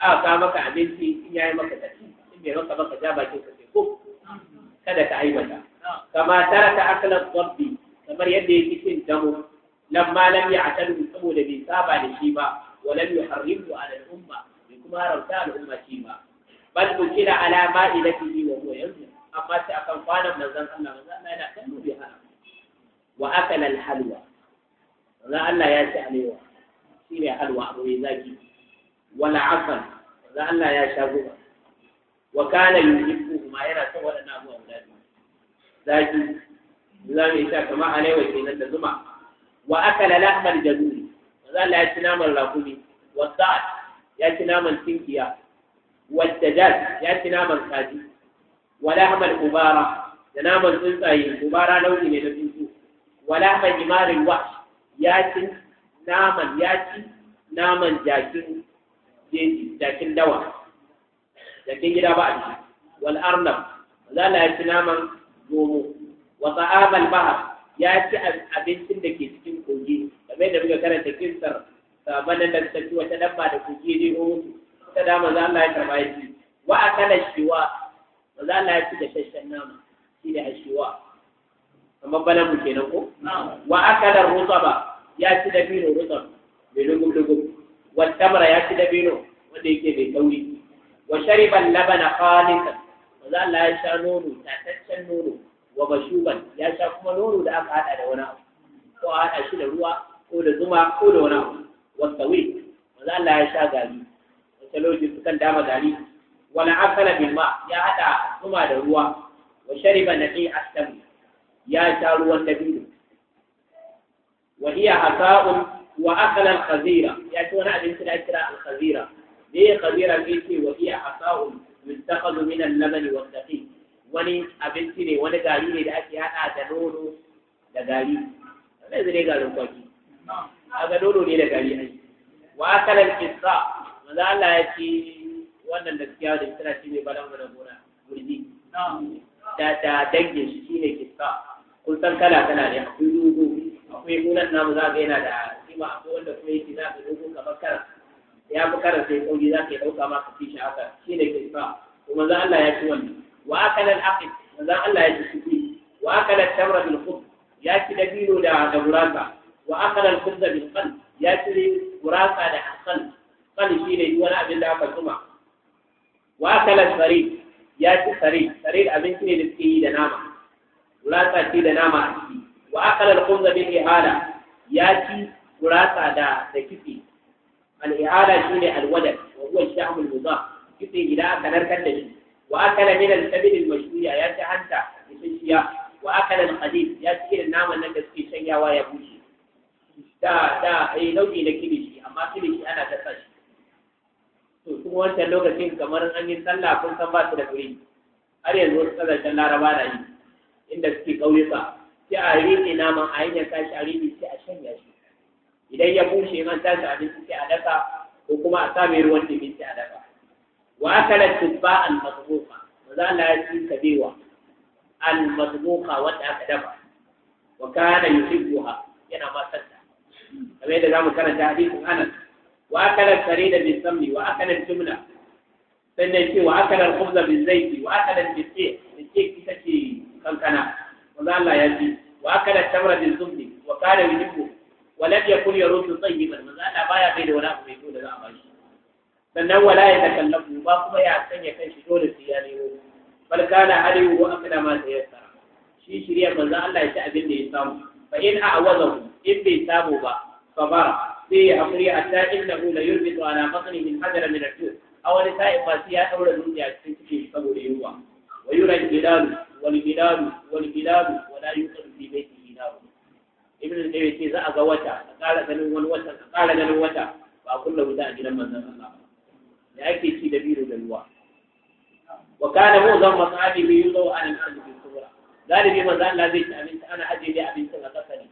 a ka maka abinci in yayi maka tafi in bai maka maka ja bakin ka sai ko kada ka aibata kama ta akalan dabbi kamar yadda ya yake cin damo lamma lam mu saboda bai saba da shi ba wa lam yuharrimu ala al-umma bai kuma haramta al'umma shi ba bal bukira ala ma'idatihi wa huwa yanzu amma sai akan kwanan manzon Allah manzon Allah yana kan dubi hana wa akala al-halwa manzon Allah ya ci alewa shi ne halwa abu mai zaki wala afal manzon Allah ya sha guba wa kana yuhibbu ma yana son waɗannan abubuwa guda biyu zaki za mu sha kama ke kenan da zuma wa akala lahmal jazuri manzo Allah ya ci naman rakumi wa sa'ad ya ci naman tinkiya wa dajjal ya ci naman kaji wa lahmal ubara da naman tsuntsaye Ubara launi ne na tsuntsu wa lahmal imarin wa ya ci naman ya ci naman jakin jeji jakin dawa jakin gida ba a ci wal arnab manzo Allah ya ci naman zomo wa ta'amal bahar ya ci abincin da ke cikin kogi kamar da muka karanta kisar sabanin da ta ci wata dabba da kogi ne o ta da maza Allah ya karba shi wa akala shiwa maza Allah ya ci da shashan nama shi da shiwa kamar bana mu kenan ko wa akala rusaba ya ci da bino rutab da lugub lugub wa tamra ya ci da bino wanda yake bai tauri wa shariban labana khalisan maza Allah ya sha nono tataccen nono wa mashuban ya sha kuma nono da aka hada da wani abu ko a hada shi da ruwa ko da zuma ko da wani abu wa sawi manzo Allah ya sha gari wata lokaci kan dama gari wala akala bil ma ya hada zuma da ruwa wa shariba nabi astam ya sha ruwan dabino wa hiya hasa'un wa akala al khazira ya ci wani abinci da kira al khazira ne khazira ne ce wa hiya hasa'un يتخذ من اللبن والدقيق wani abinci ne wani gari ne da ake haɗa da nono da gari wannan zai garin kwaki ga nono ne da gari ai wa akalan kissa manzo Allah ya ce wannan da kiyawa da kira shi ne balan da gura gurbi da da dangin shi shine kissa kun san kala kala ne akwai dogo akwai gunan namu za ga yana da kima akwai wanda kuma yake za ka dogo kamar kara ya fi kara sai kogi za ka yi ɗauka ma ka fi shi haka shine kissa kuma za Allah ya ci wannan wa al-aqib manzon Allah ya ci shi wa al-tamra ya ci dabino da da gurasa wa al-khubz bil ya ci gurasa da qal qal shine wani abin da aka tuma wa al-sarid ya ci sarid sarid abinci ne da suke yi da nama gurasa ce da nama a ciki al ya ci gurasa da da kitse al-ihala al kitse idan da shi وأكل من الكبد المشوية يا حتى يشيا وأكل القديم يا ya نام da في شيا ويبوشي دا دا أي نوعي لكيلشي أما كيلشي أنا تساشي to su wancan lokacin kamar an yi sallah kun san ba su da wuri har yanzu wasu kasashen laraba na yi inda suke ƙauyuka sai a ne naman a yanka shi a riƙe sai a shanya shi idan ya bushe man tashi abinci sai a daka ko kuma a same ruwan dumi sai a daka wa akalat tibba al madbuqa maza Allah ya ci kabewa al madbuqa wanda aka dafa wa kana yuhibbuha yana ma santa kamar yadda zamu karanta hadisin Anas wa akalat sarida bi samli wa akalat jumla sannan ce wa akalat khubza bi zaiti wa akalat bisir bisir ita ce kankana maza Allah ya ci wa akalat tamra bi zumli wa kana yuhibbu wa lam yakun yarudu tayyiban maza Allah baya bai da wani abu mai kyau da za a bashi sannan wala ya takallafu ba kuma ya sanya kanshi dole sai ya nemo bal kana aliyu wa akna ma tayassara shi shirya manzo Allah ya ci abin da ya samu fa in a'wazahu in bai samu ba sabara sai ya hakuri hatta innahu la yurbitu ala batnihi hadara min al-jur aw wani sa'in ma sai ya daura duniya cikin cikin saboda yunwa wa yura bilalu wal bilalu wal bilalu wa la yuqad fi baytihi nar ibn al-qayyim ce za a ga wata a kara ganin wani wata a kara ganin wata ba kullu da a gidan manzon Allah da ake ci da biro da ruwa wa kana mu zan masabi bi yuzo an al-ardi sura kubra galibi manzo Allah zai ci abinci ana ajiye da abincin a kasa ne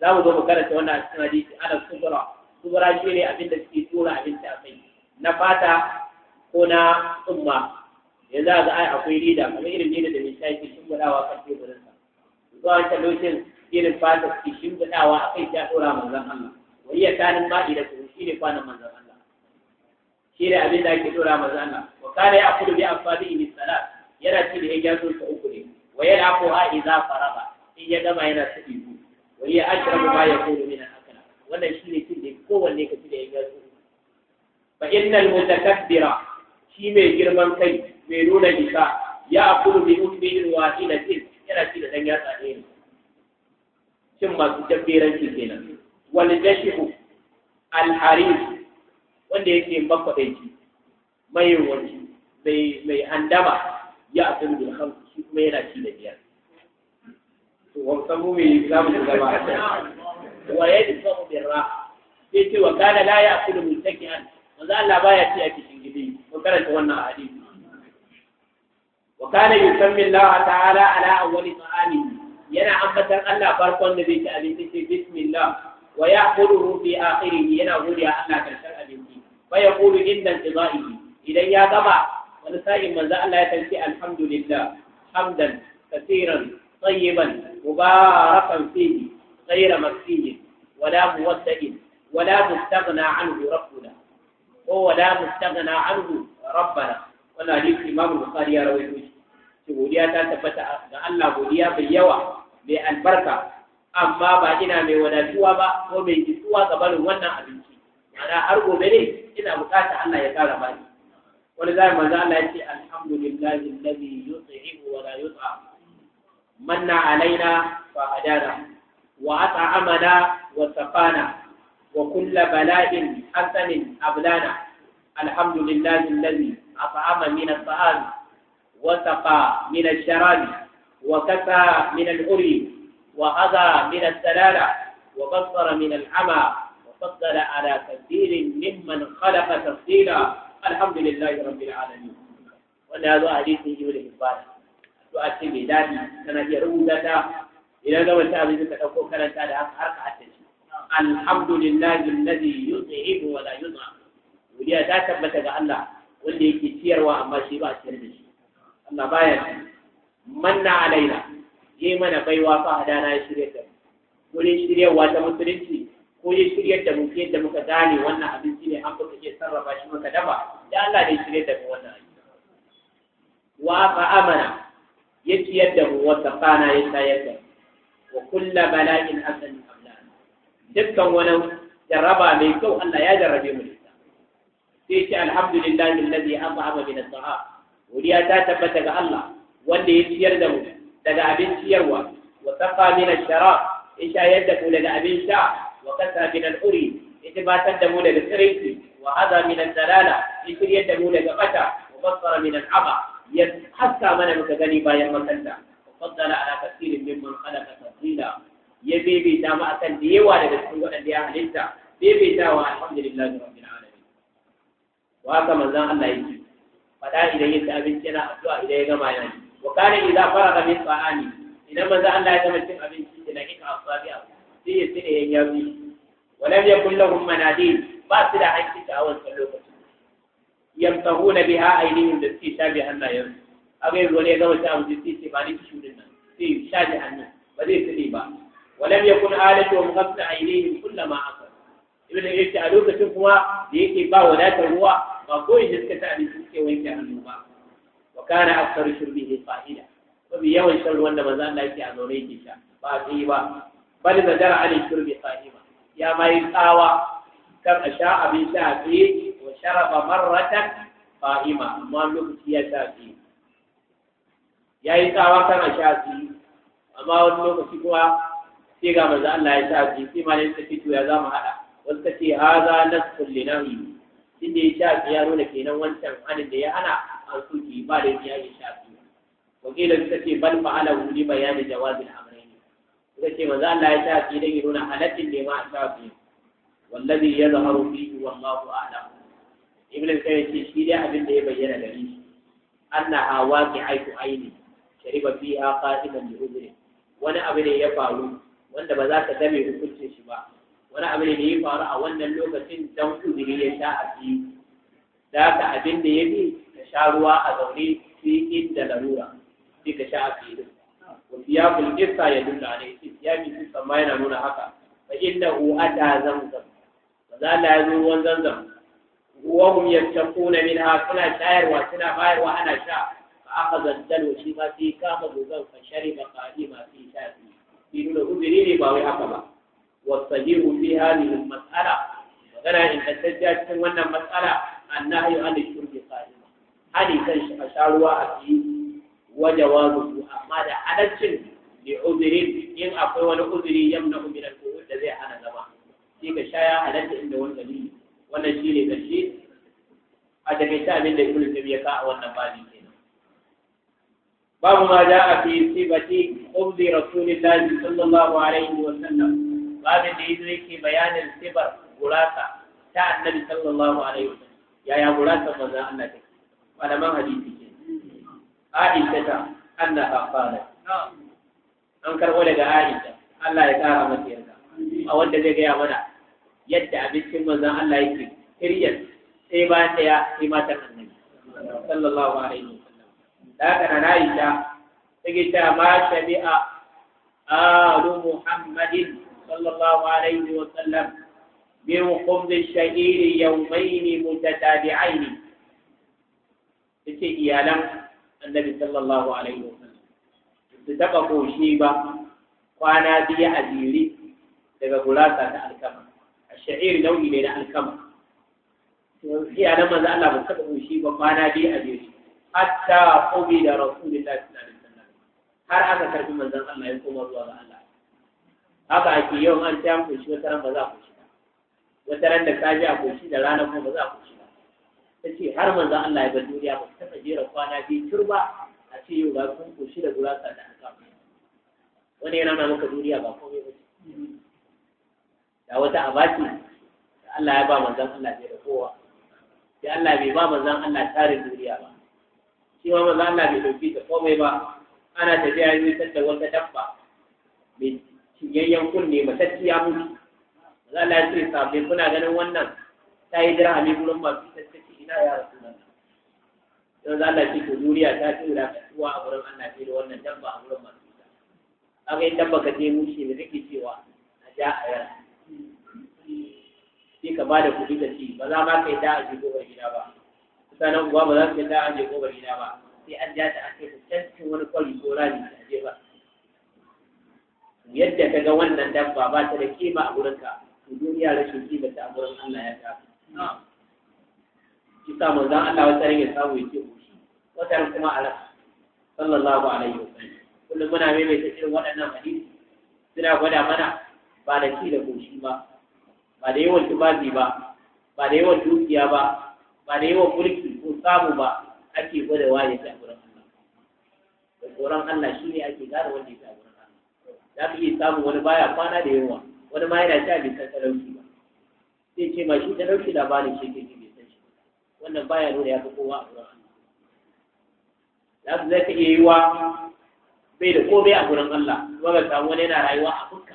za mu zo mu karanta wannan cikin hadisi ana sura sura shi ne abin da suke tura abinci a kai na fata ko na umma yanzu a ga ai akwai rida kamar irin ne da mai shafi shimbiɗawa kan teburin sa zuwa ta lokacin irin fata suke gudawa a kai ta tura manzon Allah wai ya kanin ba'i da su shi ne kwanan manzon Allah shi abin da ake dora maza na. wa kare ya kudu bi afadi ni salat yana ci da ya sun ta uku ne wa yana ko ha idza faraba in ya gama yana ci ibu wa ya ashrabu ma yakulu min al-akla wannan shi ne cin da kowanne ka ci da ya sun fa innal mutakabbira shi mai girman kai mai nuna isa ya kudu bi ukbin wahidatin yana ci da dan yatsa ne cin masu jabberanci kenan wal jashihu al-harif wanda yake makwaɗaici mai wani mai mai handama ya asiru da kan su kuma yana ci da biyar to wasan mu mai zamu da zama wa yadi sabu birra sai ce wa kana la ya asiru mutakian manzo Allah baya ci a cikin gidi ko karanta wannan hadisi wa kana yusammi Allah ta'ala ala awwali ta'ami yana ambatar Allah farkon da zai ci abinci sai bismillah wa ya ya'kuluhu fi akhirih yana godiya Allah karshen abinci fa yaqulu inda intima'i idan ya gama wani sa'in manzo Allah ya tanti alhamdulillah hamdan katiran tayyiban mubarakan fihi ghayra makfiyin wala muwadda'in wala mustaghna anhu rabbuna ko wala mustaghna anhu rabbana wannan hadisi Imam Bukhari ya rawaito shi ce godiya ta tabbata ga Allah godiya bai yawa mai albarka amma ba ina mai wadatuwa ba ko mai jituwa ga barin wannan abinci ma'ana har gobe ne ina bukata Allah ya kara mani wani zai manzo Allah ya ce alhamdulillahi alladhi yut'imu wa la yut'am manna alaina fa hadana wa at'amana wa safana wa kulla bala'in hasanin ablana alhamdulillahi alladhi at'ama min as-sa'an wa saqa min ash-sharab wa kasa min al-uri wa hada min as-salala wa basara min al-ama فضل على كثير ممن خلق تفصيلا الحمد لله رب العالمين wannan ya zo a hadisin yau da hibbara a ce mai daɗi kana iya rubuta ta idan gaba ta abin ka karanta da haka har ka haddace alhamdulillahi alladhi yudhibu wa la yudha godiya ta tabbata ga Allah wanda yake ciyarwa amma shi ba a ciyar da shi Allah baya yi mana baiwa fa hadana ya shirya ta shiryawa ta musulunci ko ya shirya da mu yadda muka gane wannan abinci ne an kuka ke sarrafa shi muka dafa da Allah ne shirya da mu wannan abinci wa fa amana ya ciyar da mu wata kana ya sayar da wa kulla bala'in asalin amlan dukkan wani jaraba mai kyau Allah ya jarrabe mu da sai ce alhamdulillahi alladhi at'ama min as-sa'a wuriya ta tabbata ga Allah wanda ya ciyar da mu daga abin ciyarwa wa saqa min ash-sharab ya shayar yadda mu daga abin sha wa kasa min al-uri batar da mu daga tsirinki wa hada min al-dalala shiryar da mu daga bata wa basara min aba ya haska mana muka gani bayan makanta wa faddala ala kasirin mimman khalaqa tafdila ya bebeta mu akan da yawa daga cikin waɗanda ya halitta Bebe ta bebetawa alhamdulillahi rabbil alamin wa haka manzon Allah yake Faɗa idan yin abinci yana addu'a idan ya gama yana wa kana idza faraga min ta'ami idan manzon Allah ya gama cin abinci yana kika asabiya sai ya tuna yan yabi ya yakul lahum manadil ba su da hanki da awan lokaci yamtahuna biha aydihim da suke shafi hannayen aga yanzu wani ya gama ta abu sai ce ba ni kishu din nan sai shafi hannun ba zai tune ba walam yakun alatu wa ghasla aydihim kullama akal ibn yace a lokacin kuma da yake ba wadatar ruwa ba ko da suka ta abinci suke wanke hannu ba wa kana aksaru shurbihi fa'ila mafi yawan shan ruwan da manzo Allah yake a zaune yake sha ba a tsayi ba da jara ali turbi qa'ima ya mai tsawa kan a abin sha tsaye wa sharaba marratan Fahima. amma lokaci ya shafi. ya yi tsawa kan a sha amma wani lokaci kuwa sai ga manzo Allah ya sha tsaye sai malamin ta fito ya zama hada wasu ta ce haza nasul linahi inda ya sha tsaye ya nuna kenan wancan hanin da ya hana an suki ba da ya yi sha tsaye wakilin ta ce bal fa'alahu li bayani jawazil suka ce manzo Allah ya sha biyu dan ya nuna halaccin ne ma a sha biyu wallazi yazharu fihi wallahu a'lam ibn al-qayyim ce shi dai abin da ya bayyana gare shi annaha waqi'atu aini shariba fiha qa'iman bi udri wani abu ne ya faru wanda ba za ka dame hukuncin shi ba wani abu ne da ya faru a wannan lokacin dan uzuri ya sha a fi da haka abin da ya bi ka sha ruwa a zaune fi inda larura sai ka sha a biyu ya wa ya qissa yadullu alayhi siyaqul qissa ma yana nuna haka fa innahu ata zamzam maza Allah ya zo ruwan zamzam wa hum yattaquna minha suna shayarwa suna bayarwa ana sha fa aka dalu shi ma sai kama gogan fa shariba qadima fi shafi shi nuna uzuri ne ba wai haka ba والصحيح في هذه المسألة magana ingantacciya cikin wannan matsala annahi an shurbi qadima hali kan shi a sharuwa a fi wajawazu amma da adalcin li uzurin in akwai wani uzuri na min al da zai hana zama shi ka shaya halatta inda wanda ni wannan shi ne gashi a daga ta abin da ibnu tabiya ka a wannan babin kenan babu ma da fi sibati ubdi rasulillahi sallallahu alaihi wa sallam babin da yake bayanin sibar gurasa ta annabi sallallahu alaihi wa sallam yaya gurasa manzon Allah take malaman hadisi ke Aisha ta annaha qalat an karɓo daga Aisha Allah ya ƙara mata yarda a wanda zai gaya mana yadda abincin manzon Allah yake kiriyar sai ba ta ya sai ma ta annabi sallallahu alaihi wasallam da haka na Aisha ta. ta ma shabi'a alu Muhammadin sallallahu alaihi wasallam min mu ta shair aini. Ta ce iyalan annabi sallallahu alaihi wa wasallam su taɓa koshi ba kwana biyu a jere daga gurasa ta alkama a sha'ir nau'i ne na alkama to na a nan manzo Allah ba taɓa koshi ba kwana biyu a jere hatta qumi da rasulullahi sallallahu alaihi wasallam har aka karbi manzan Allah ya koma zuwa ga Allah haka ake yau an ta koshi wata ran ba za a koshi wata ran da ka ji a koshi da rana kuma ba za a koshi ta ce har manzan Allah ya bar duniya ba ta taɓa jera kwana biyu tur ba a ce yau ga kun koshi da gurasa da aka wani yana na maka duniya ba komai ba da wata abaki da Allah ya ba manzan Allah bai da kowa sai Allah bai ba manzan Allah tarin duniya ba shi ma manzan Allah bai dauki da komai ba ana tafiya yi da wata dabba mai cinyayyen kunne matacciya mutu manzan Allah ya ce sabbin kuna ganin wannan ta yi dirhami gurin masu tattaci ina ya rasu nan yanzu Allah ce to duniya ta ce da kasuwa a wurin Allah ce da wannan dabba a wurin masu ita aka yi dabba ka je mushe da nake cewa a ja a yar sai ka ba da kuɗi ka ce ba za ma ka yi da a je gobar gida ba Sannan uwa ba za ka yi da a je gobar gida ba sai an ja ta ake canci wani kwali ko rami da je ba yadda ka ga wannan dabba ba ta da kima a wurinka to duniya rashin kima ta a wurin Allah ya ta isa manzon Allah wata rage ya samu ya ce goshi wata ran kuma ala sallallahu alaihi wasallam kullum muna maimaita irin waɗannan hadisi suna gwada mana ba da ci da goshi ba ba da yawan tubazi ba ba da yawan dukiya ba ba da yawan mulki ko samu ba ake gwada waye ta gurin Allah da tsoron Allah shine ake gane wanda ya ta gurin Allah za ka iya samu wani baya kwana da yawa wani ma yana ci abin talauci ba sai ce ma shi talauci labarin shi ke wannan baya nuna ya fi kowa a gurin Allah za ka iya yi wa bai da komai a gurin Allah kuma ga samu wani yana rayuwa a fuska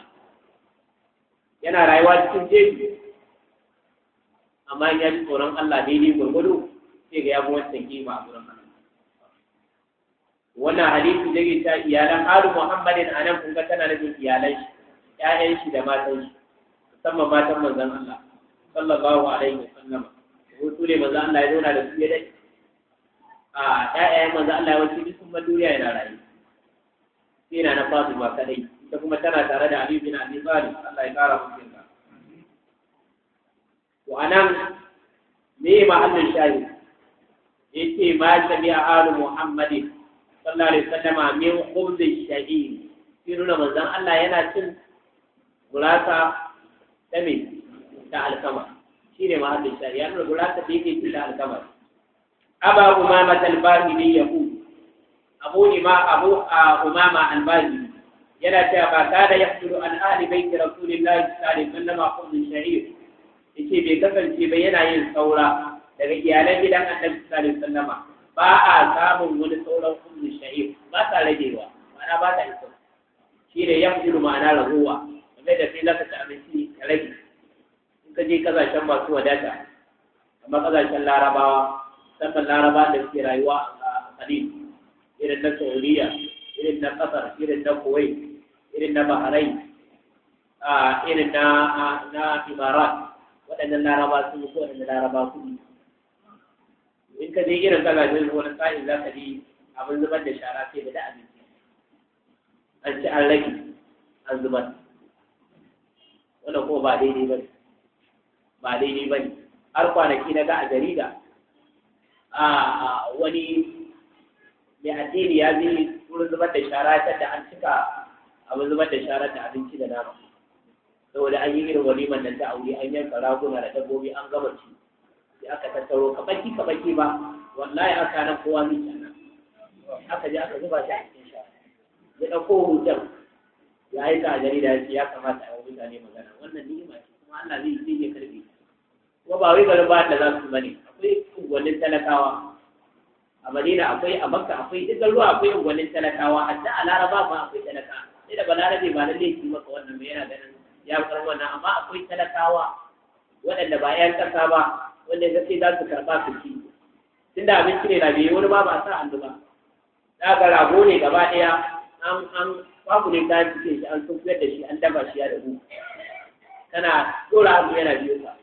yana rayuwa cikin jeji amma ya ji tsoron Allah daidai gwargwado sai ga ya fi wancan ba a gurin Allah wannan hadisi da ke ta iyalan Haru muhammadin a nan kun ga tana nufin iyalan shi 'ya'yan shi da matan shi musamman matan manzon Allah sallallahu alaihi wa sallama ko su ne manzo Allah ya zauna da su ya dai a ƴaƴayen manzo Allah yawanci duk sun bar duniya yana rayu sai na na fasu ba kadai ita kuma tana tare da Ali bin Abi Talib Allah ya kara musu yarda Wa anan me mahallin shayi yace ma sami alu Muhammadin sallallahu alaihi wasallama min khubzi shahid sai nuna manzon Allah yana cin gurasa ta me ta alkama shi ne mahallin shari ya nuna gurasa da yake fita alkamar aba umama talbahili ya ku abu ima abu a umama albahili yana cewa ba da ya fito an ahli baiti rasulillahi sallallahu alaihi wasallam kullun Ya ce bai kasance ba yana yin saura daga iyalan gidan annabi sallallahu alaihi wasallam ba a samun wani sauran kullun shahir ba ta ragewa ma'ana ba ta isa shi ne ya fito ma'ana raguwa game da sai laka ta abinci ka rage ka je kasashen masu wadata kamar kasashen larabawa musamman larabawa da suke rayuwa a khalil irin na saudiya irin na kasar irin na Kowai, irin na bahrain irin na na imarat waɗannan laraba sun yi waɗannan laraba kuɗi in ka je irin kasashen wani sa'in za ka ji abin zubar da shara sai da abinci an ci an rage an zubar wannan ko ba daidai ba ne ba daidai ba ne har kwanaki na ga a jarida a wani mai addini ya zai wurin zubar da shara ta da an cika abin zubar da shara da abinci da nama saboda an yi irin waliman nan ta aure an yanka raguna da dabbobi an gama ci sai aka tattaro kabaki kabaki ba wallahi aka nan kowa mai kenan aka je aka zuba shi a cikin shara ya ɗauko hoton ya aika a jarida ya ce ya kamata a yi mutane magana wannan ni'ima ce kuma Allah zai zai ya kuma ba wai garin ba da za su bane akwai unguwannin talakawa a madina akwai a makka akwai duk garuwa akwai unguwannin talakawa hatta a laraba ma akwai talaka sai da balarabe ba na laifi maka wannan mai yana ganin ya karɓar wannan amma akwai talakawa waɗanda ba ƴan ƙasa ba wanda ya sai za su karɓa su ci tun da abinci ne na biyu wani ba ba sa hannu ba za ga rago ne gaba ɗaya an an babu ne ta cike shi an sun da shi an dafa shi ya dahu kana ɗora abu yana biyu ka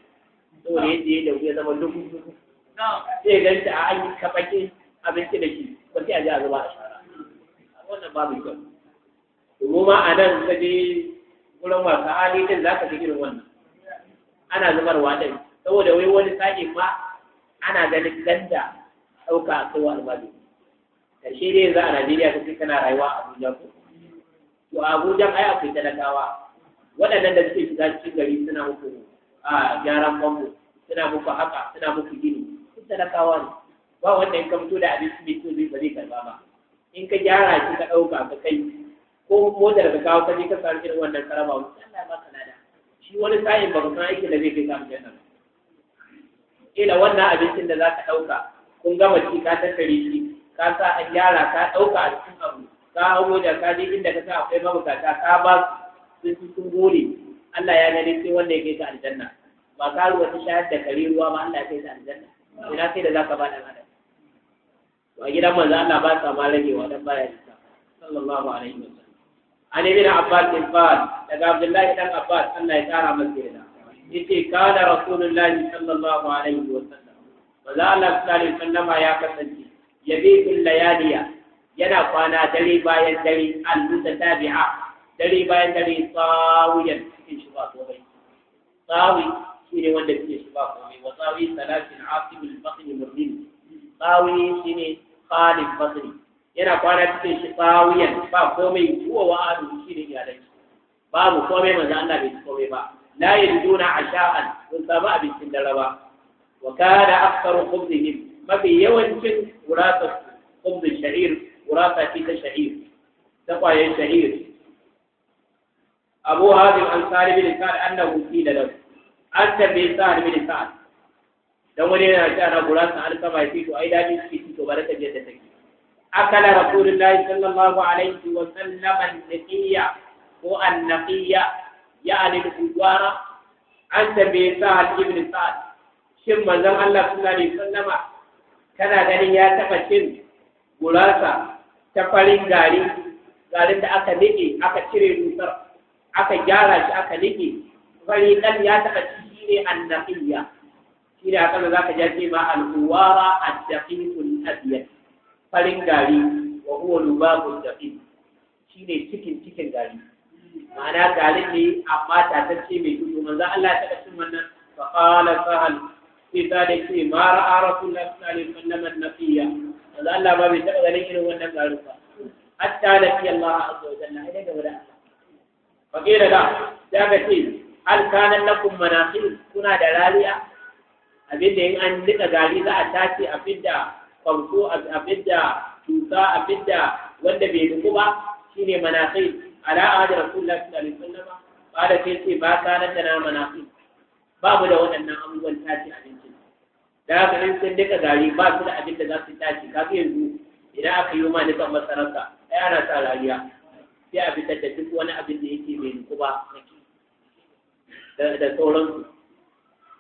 saboda yadda ya dauki ya zama dubu dubu sai ganta a an yi abinci da shi ba sai a ji a zuba a shara wannan babu kyau domin ma a nan ka je wurin masu hali din za ka fi irin wannan ana zubarwa din saboda wai wani sake ma ana ganin ganda ɗauka a kai wa ƙarshe dai yanzu a Najeriya kake kana rayuwa a Abuja ko to a Abuja ai akwai talakawa waɗannan da suke shiga cikin gari suna hukumu a gyaran bambu suna muku haka suna muku gini duk talakawa ne ba wanda in ka fito da abinci mai kyau zai ba zai karba ba in ka gyara shi ka ɗauka ka kai ko motar ka kawo ka je ka samu irin wannan karaba wani Allah ba ka lada shi wani sa'in ba ka san aikin da zai kai samu jannar ila wannan abincin da za ka ɗauka kun gama ci ka tattare shi ka sa an gyara ka ɗauka a cikin abu ka hau da ka je inda ka sa akwai mabukata ka ba su sun gode Allah ya gani sai wanda ya kai ka aljanna ba karuwa ta shayar da kare ruwa ba Allah kai ta aljanna ina sai da zaka ba da adam to gidan manzo Allah ba sa ma ragewa dan baya da sallallahu alaihi wasallam an ibn abbas bin fad daga abdullahi dan abbas Allah ya tsara masa yarda yace kana rasulullahi sallallahu alaihi wasallam manzo Allah sallallahu alaihi wasallama ya kasance yabitul layaliya yana kwana dare bayan dare al-mutatabi'a dare bayan dare tsawiyan cikin shi ba to bai shine wanda kike shi ba komai wa tsawi salatin asim al-basri murdin tsawi shine khalid basri yana kwana cikin shi tsawiyan ba komai huwa wa adu ne iyalan shi babu komai manzo Allah bai komai ba la yajiduna asha'an sun samu abincin dare ba wa kana aktharu khubzihim mafi yawancin wurasa khubz sha'ir wurasa ce ta sha'ir ta kwayan sha'ir abu hazim an sari bin kad annahu qila lahu an tambayi sa'ad bin sa'ad dan wani yana ci ana gurasa alkama ya fito ai dadi suke fito ba rasa biyar da take akala rasulullahi sallallahu alaihi wa sallam an-naqiya ko an-naqiya ya'ni al-gudwara an tambayi sa'ad ibn sa'ad shin manzon Allah sallallahu alaihi wasallama kana ganin ya taba cin gurasa ta farin gari garin da aka nike aka cire dusar aka gyara shi aka nike fari dan ya taba ci shine annaqiya shi da haka za ka jaje ma al-huwara ad-daqiqul abyad farin gari wa huwa lubabul daqiq shine cikin cikin gari ma'ana gari ne amma ce mai tudu manzo Allah ya taɓa cin wannan fa qala sahal sai ta da ce ma ra'a rasulullahi sallallahu alaihi wasallam annaqiya manzo Allah ba bai taɓa ganin irin wannan garin ba hatta lafiya Allah azza wa jalla ai da wada fa kira da da ka ce hal kanan lakum manakil kuna da rariya da in an nika gari za a tace abin da kwamso abin da tuta abin da wanda bai duku ba shine manakil ala ahadi rasulullahi sallallahu alaihi wasallam ba da sai ce ba kanan da na Ba babu da waɗannan abubuwan tace abincin da haka in sun nika gari ba su da abin da za su tace fi yanzu idan aka yi ma nika masararsa ai ana sa rariya sai a fitar da duk wani abin da yake bai duku ba na da sauransu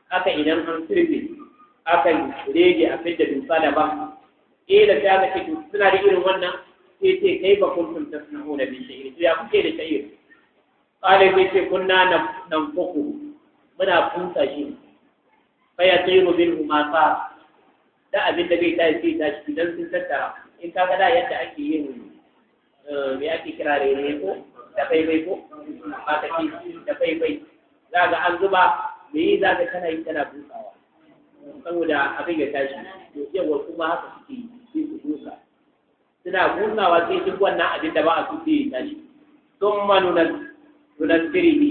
haka idan an aka yi rege a fidda dusa da ba da ta ke ce suna da irin wannan sai ce kai ba kuntum tasna'una bi shay'in to ya kuke da shay'in qala sai ce kunna nan fuku muna kunta shi fa ya bin bil umasa da abin da bai tayi sai tashi idan sun tattara in ka gada yadda ake yin eh, me ake kira rere ko da faifai ko ba ta da faifai za ga an zuba me yi za ka kana yi tana busawa saboda abin ya tashi to yawa kuma haka suke yi sai su busa suna busawa sai duk wannan abin da ba a suke yi tashi sun ma nunassirihi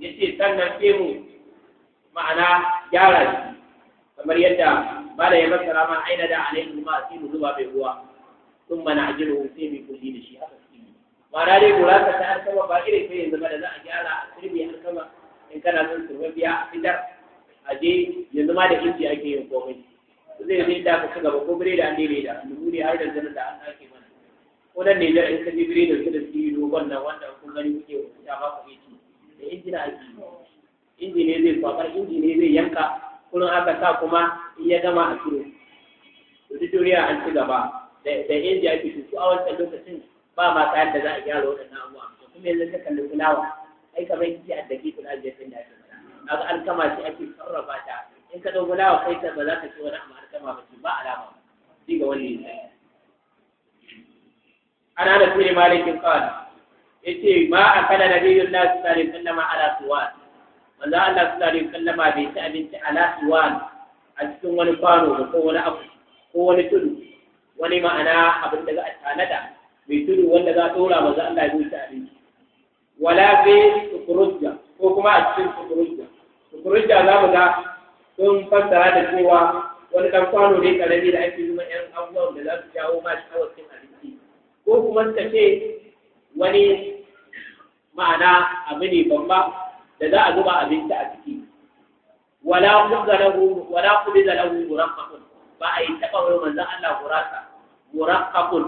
ya ce sannan ke mu ma'ana gyara shi kamar yadda ba da masara sarama aina da alaihi kuma ce mu zuba mai ruwa sun mana ajiru sai mai kulli da shi haka suke yi ma'ana dai gurasa ta an saba ba irin kai yanzu ba da za a gyara a tana son turbabiya a fitar a je yanzu ma da inji ake yin komai zai zai da ka gaba ko bire da an daidai da dubu ne har da zanen da an ake mana ko nan ne zai in ka ji bire da su da su yi dogon nan wanda kun gani kuke da ba ku ci da na ake inji ne zai kwabar inji ne zai yanka kullum aka sa kuma in ya gama a turo to duk duniya an ci gaba da inji ake su a wancan lokacin ba ma kayan da za a gyara waɗannan abubuwa kuma yanzu ka kalli fulawa ai kamar kici a dake kuna da fin da ake kaga alkama ce ake sarrafa ta in ka dauko lawa kai ta ba za ka ci wani amma alkama ba ce ba alama shi ga wani ne ana da fili malikin kawai yace ma akala nabiyullahi sallallahu alaihi wasallam ala suwan wanda Allah sallallahu alaihi wasallam bai ci abinci ala suwan a cikin wani kwano ko wani abu ko wani tudu wani ma'ana abin da za a tanada mai tudu wanda za a ɗora manzo Allah ya wuce abinci wala fi tukurujja ko kuma a cikin tukurujja tukurujja za mu ga sun fassara da cewa wani ɗan kwano ne ƙarami da ake zuma ƴan abubuwan da za su jawo ma shi kawai cin abinci ko kuma ta ce wani ma'ana abu ne babba da za a zuba abinci a ciki wala kuzalahu wala kuzalahu muraqqaqun ba a yi taɓa wani manzon Allah gurasa muraqqaqun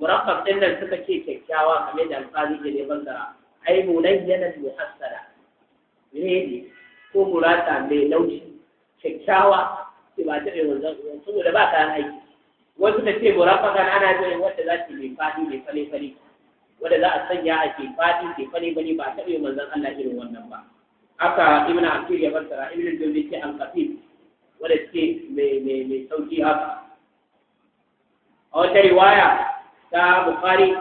muraqqaq ɗin nan suka ce kyakkyawa kamar da alƙali ke neman zara. ai da muhassara ne ko murata mai laushi kyakkyawa ce ba da wanzan uwan saboda ba kayan aiki wasu ta ce murafakan ana jiran wadda za ta mai fadi mai fale fale wadda za a sanya a ke fadi ke fale fale ba taɓa wanzan Allah irin wannan ba haka ibn akir ya fassara ibn jundi ce an kafin. wadda ce mai mai mai sauki haka a wata riwaya ta bukhari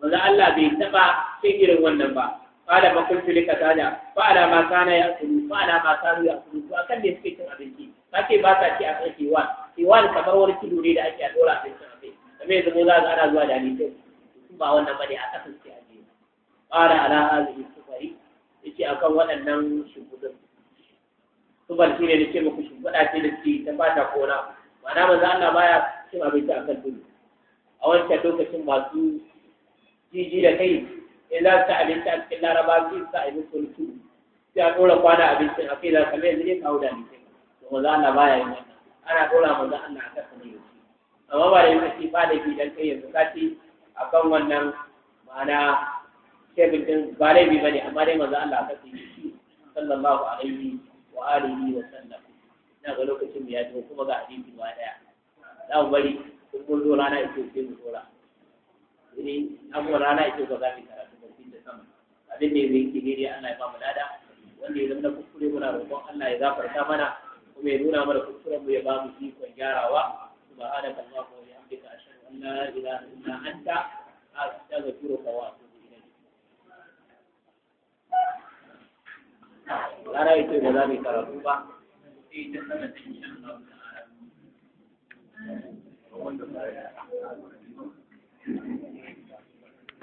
manzon Allah bai taɓa cin irin wannan ba qala ma kuntu li kadada fa ala ma kana ya'kulu fa ala ma kanu ya'kulu to akan ne suke cin abinci kace ba ta ci a kan kiwan kiwan kamar wani kilo ne da ake a dora abincin abinci kamar yanzu za ga ana zuwa da halittar ba wannan bane a kasan sai aje qala ala hadhihi sufari yace akan waɗannan shugudin subal shine da ke muku shuguda ce da ke ta fata kona ma'ana manzo Allah baya cin abinci a kan tudu a wancan lokacin masu jiji da kai sai za ta abinci a cikin laraba sa a yi musu rutu sai a ɗora kwana abincin a kai za ka mai ka kawo da abincin to maza ana baya yin wannan ana ɗora maza ana a ka ne yau amma ba da yin ba da gidan kai yanzu kashi a kan wannan ma'ana shebin din ba bi ba ne amma dai maza Allah a kasa sallallahu alaihi wa sallam ina ga lokacin mu ya ji kuma ga hadisi ba daya za mu bari rana ni rana ba abin da zai ke daidai Allah ya ba mu lada wanda ya zama kuskure muna roƙon Allah ya gafarta mana kuma ya nuna mana kuskuren mu ya ba mu ikon gyarawa subhanaka allahumma wa bihamdika ashhadu an la ilaha illa anta astaghfiruka wa atubu ilayk lara ita da zamu karatu ba sai ta sanar da insha Allah ta'ala wanda ba ya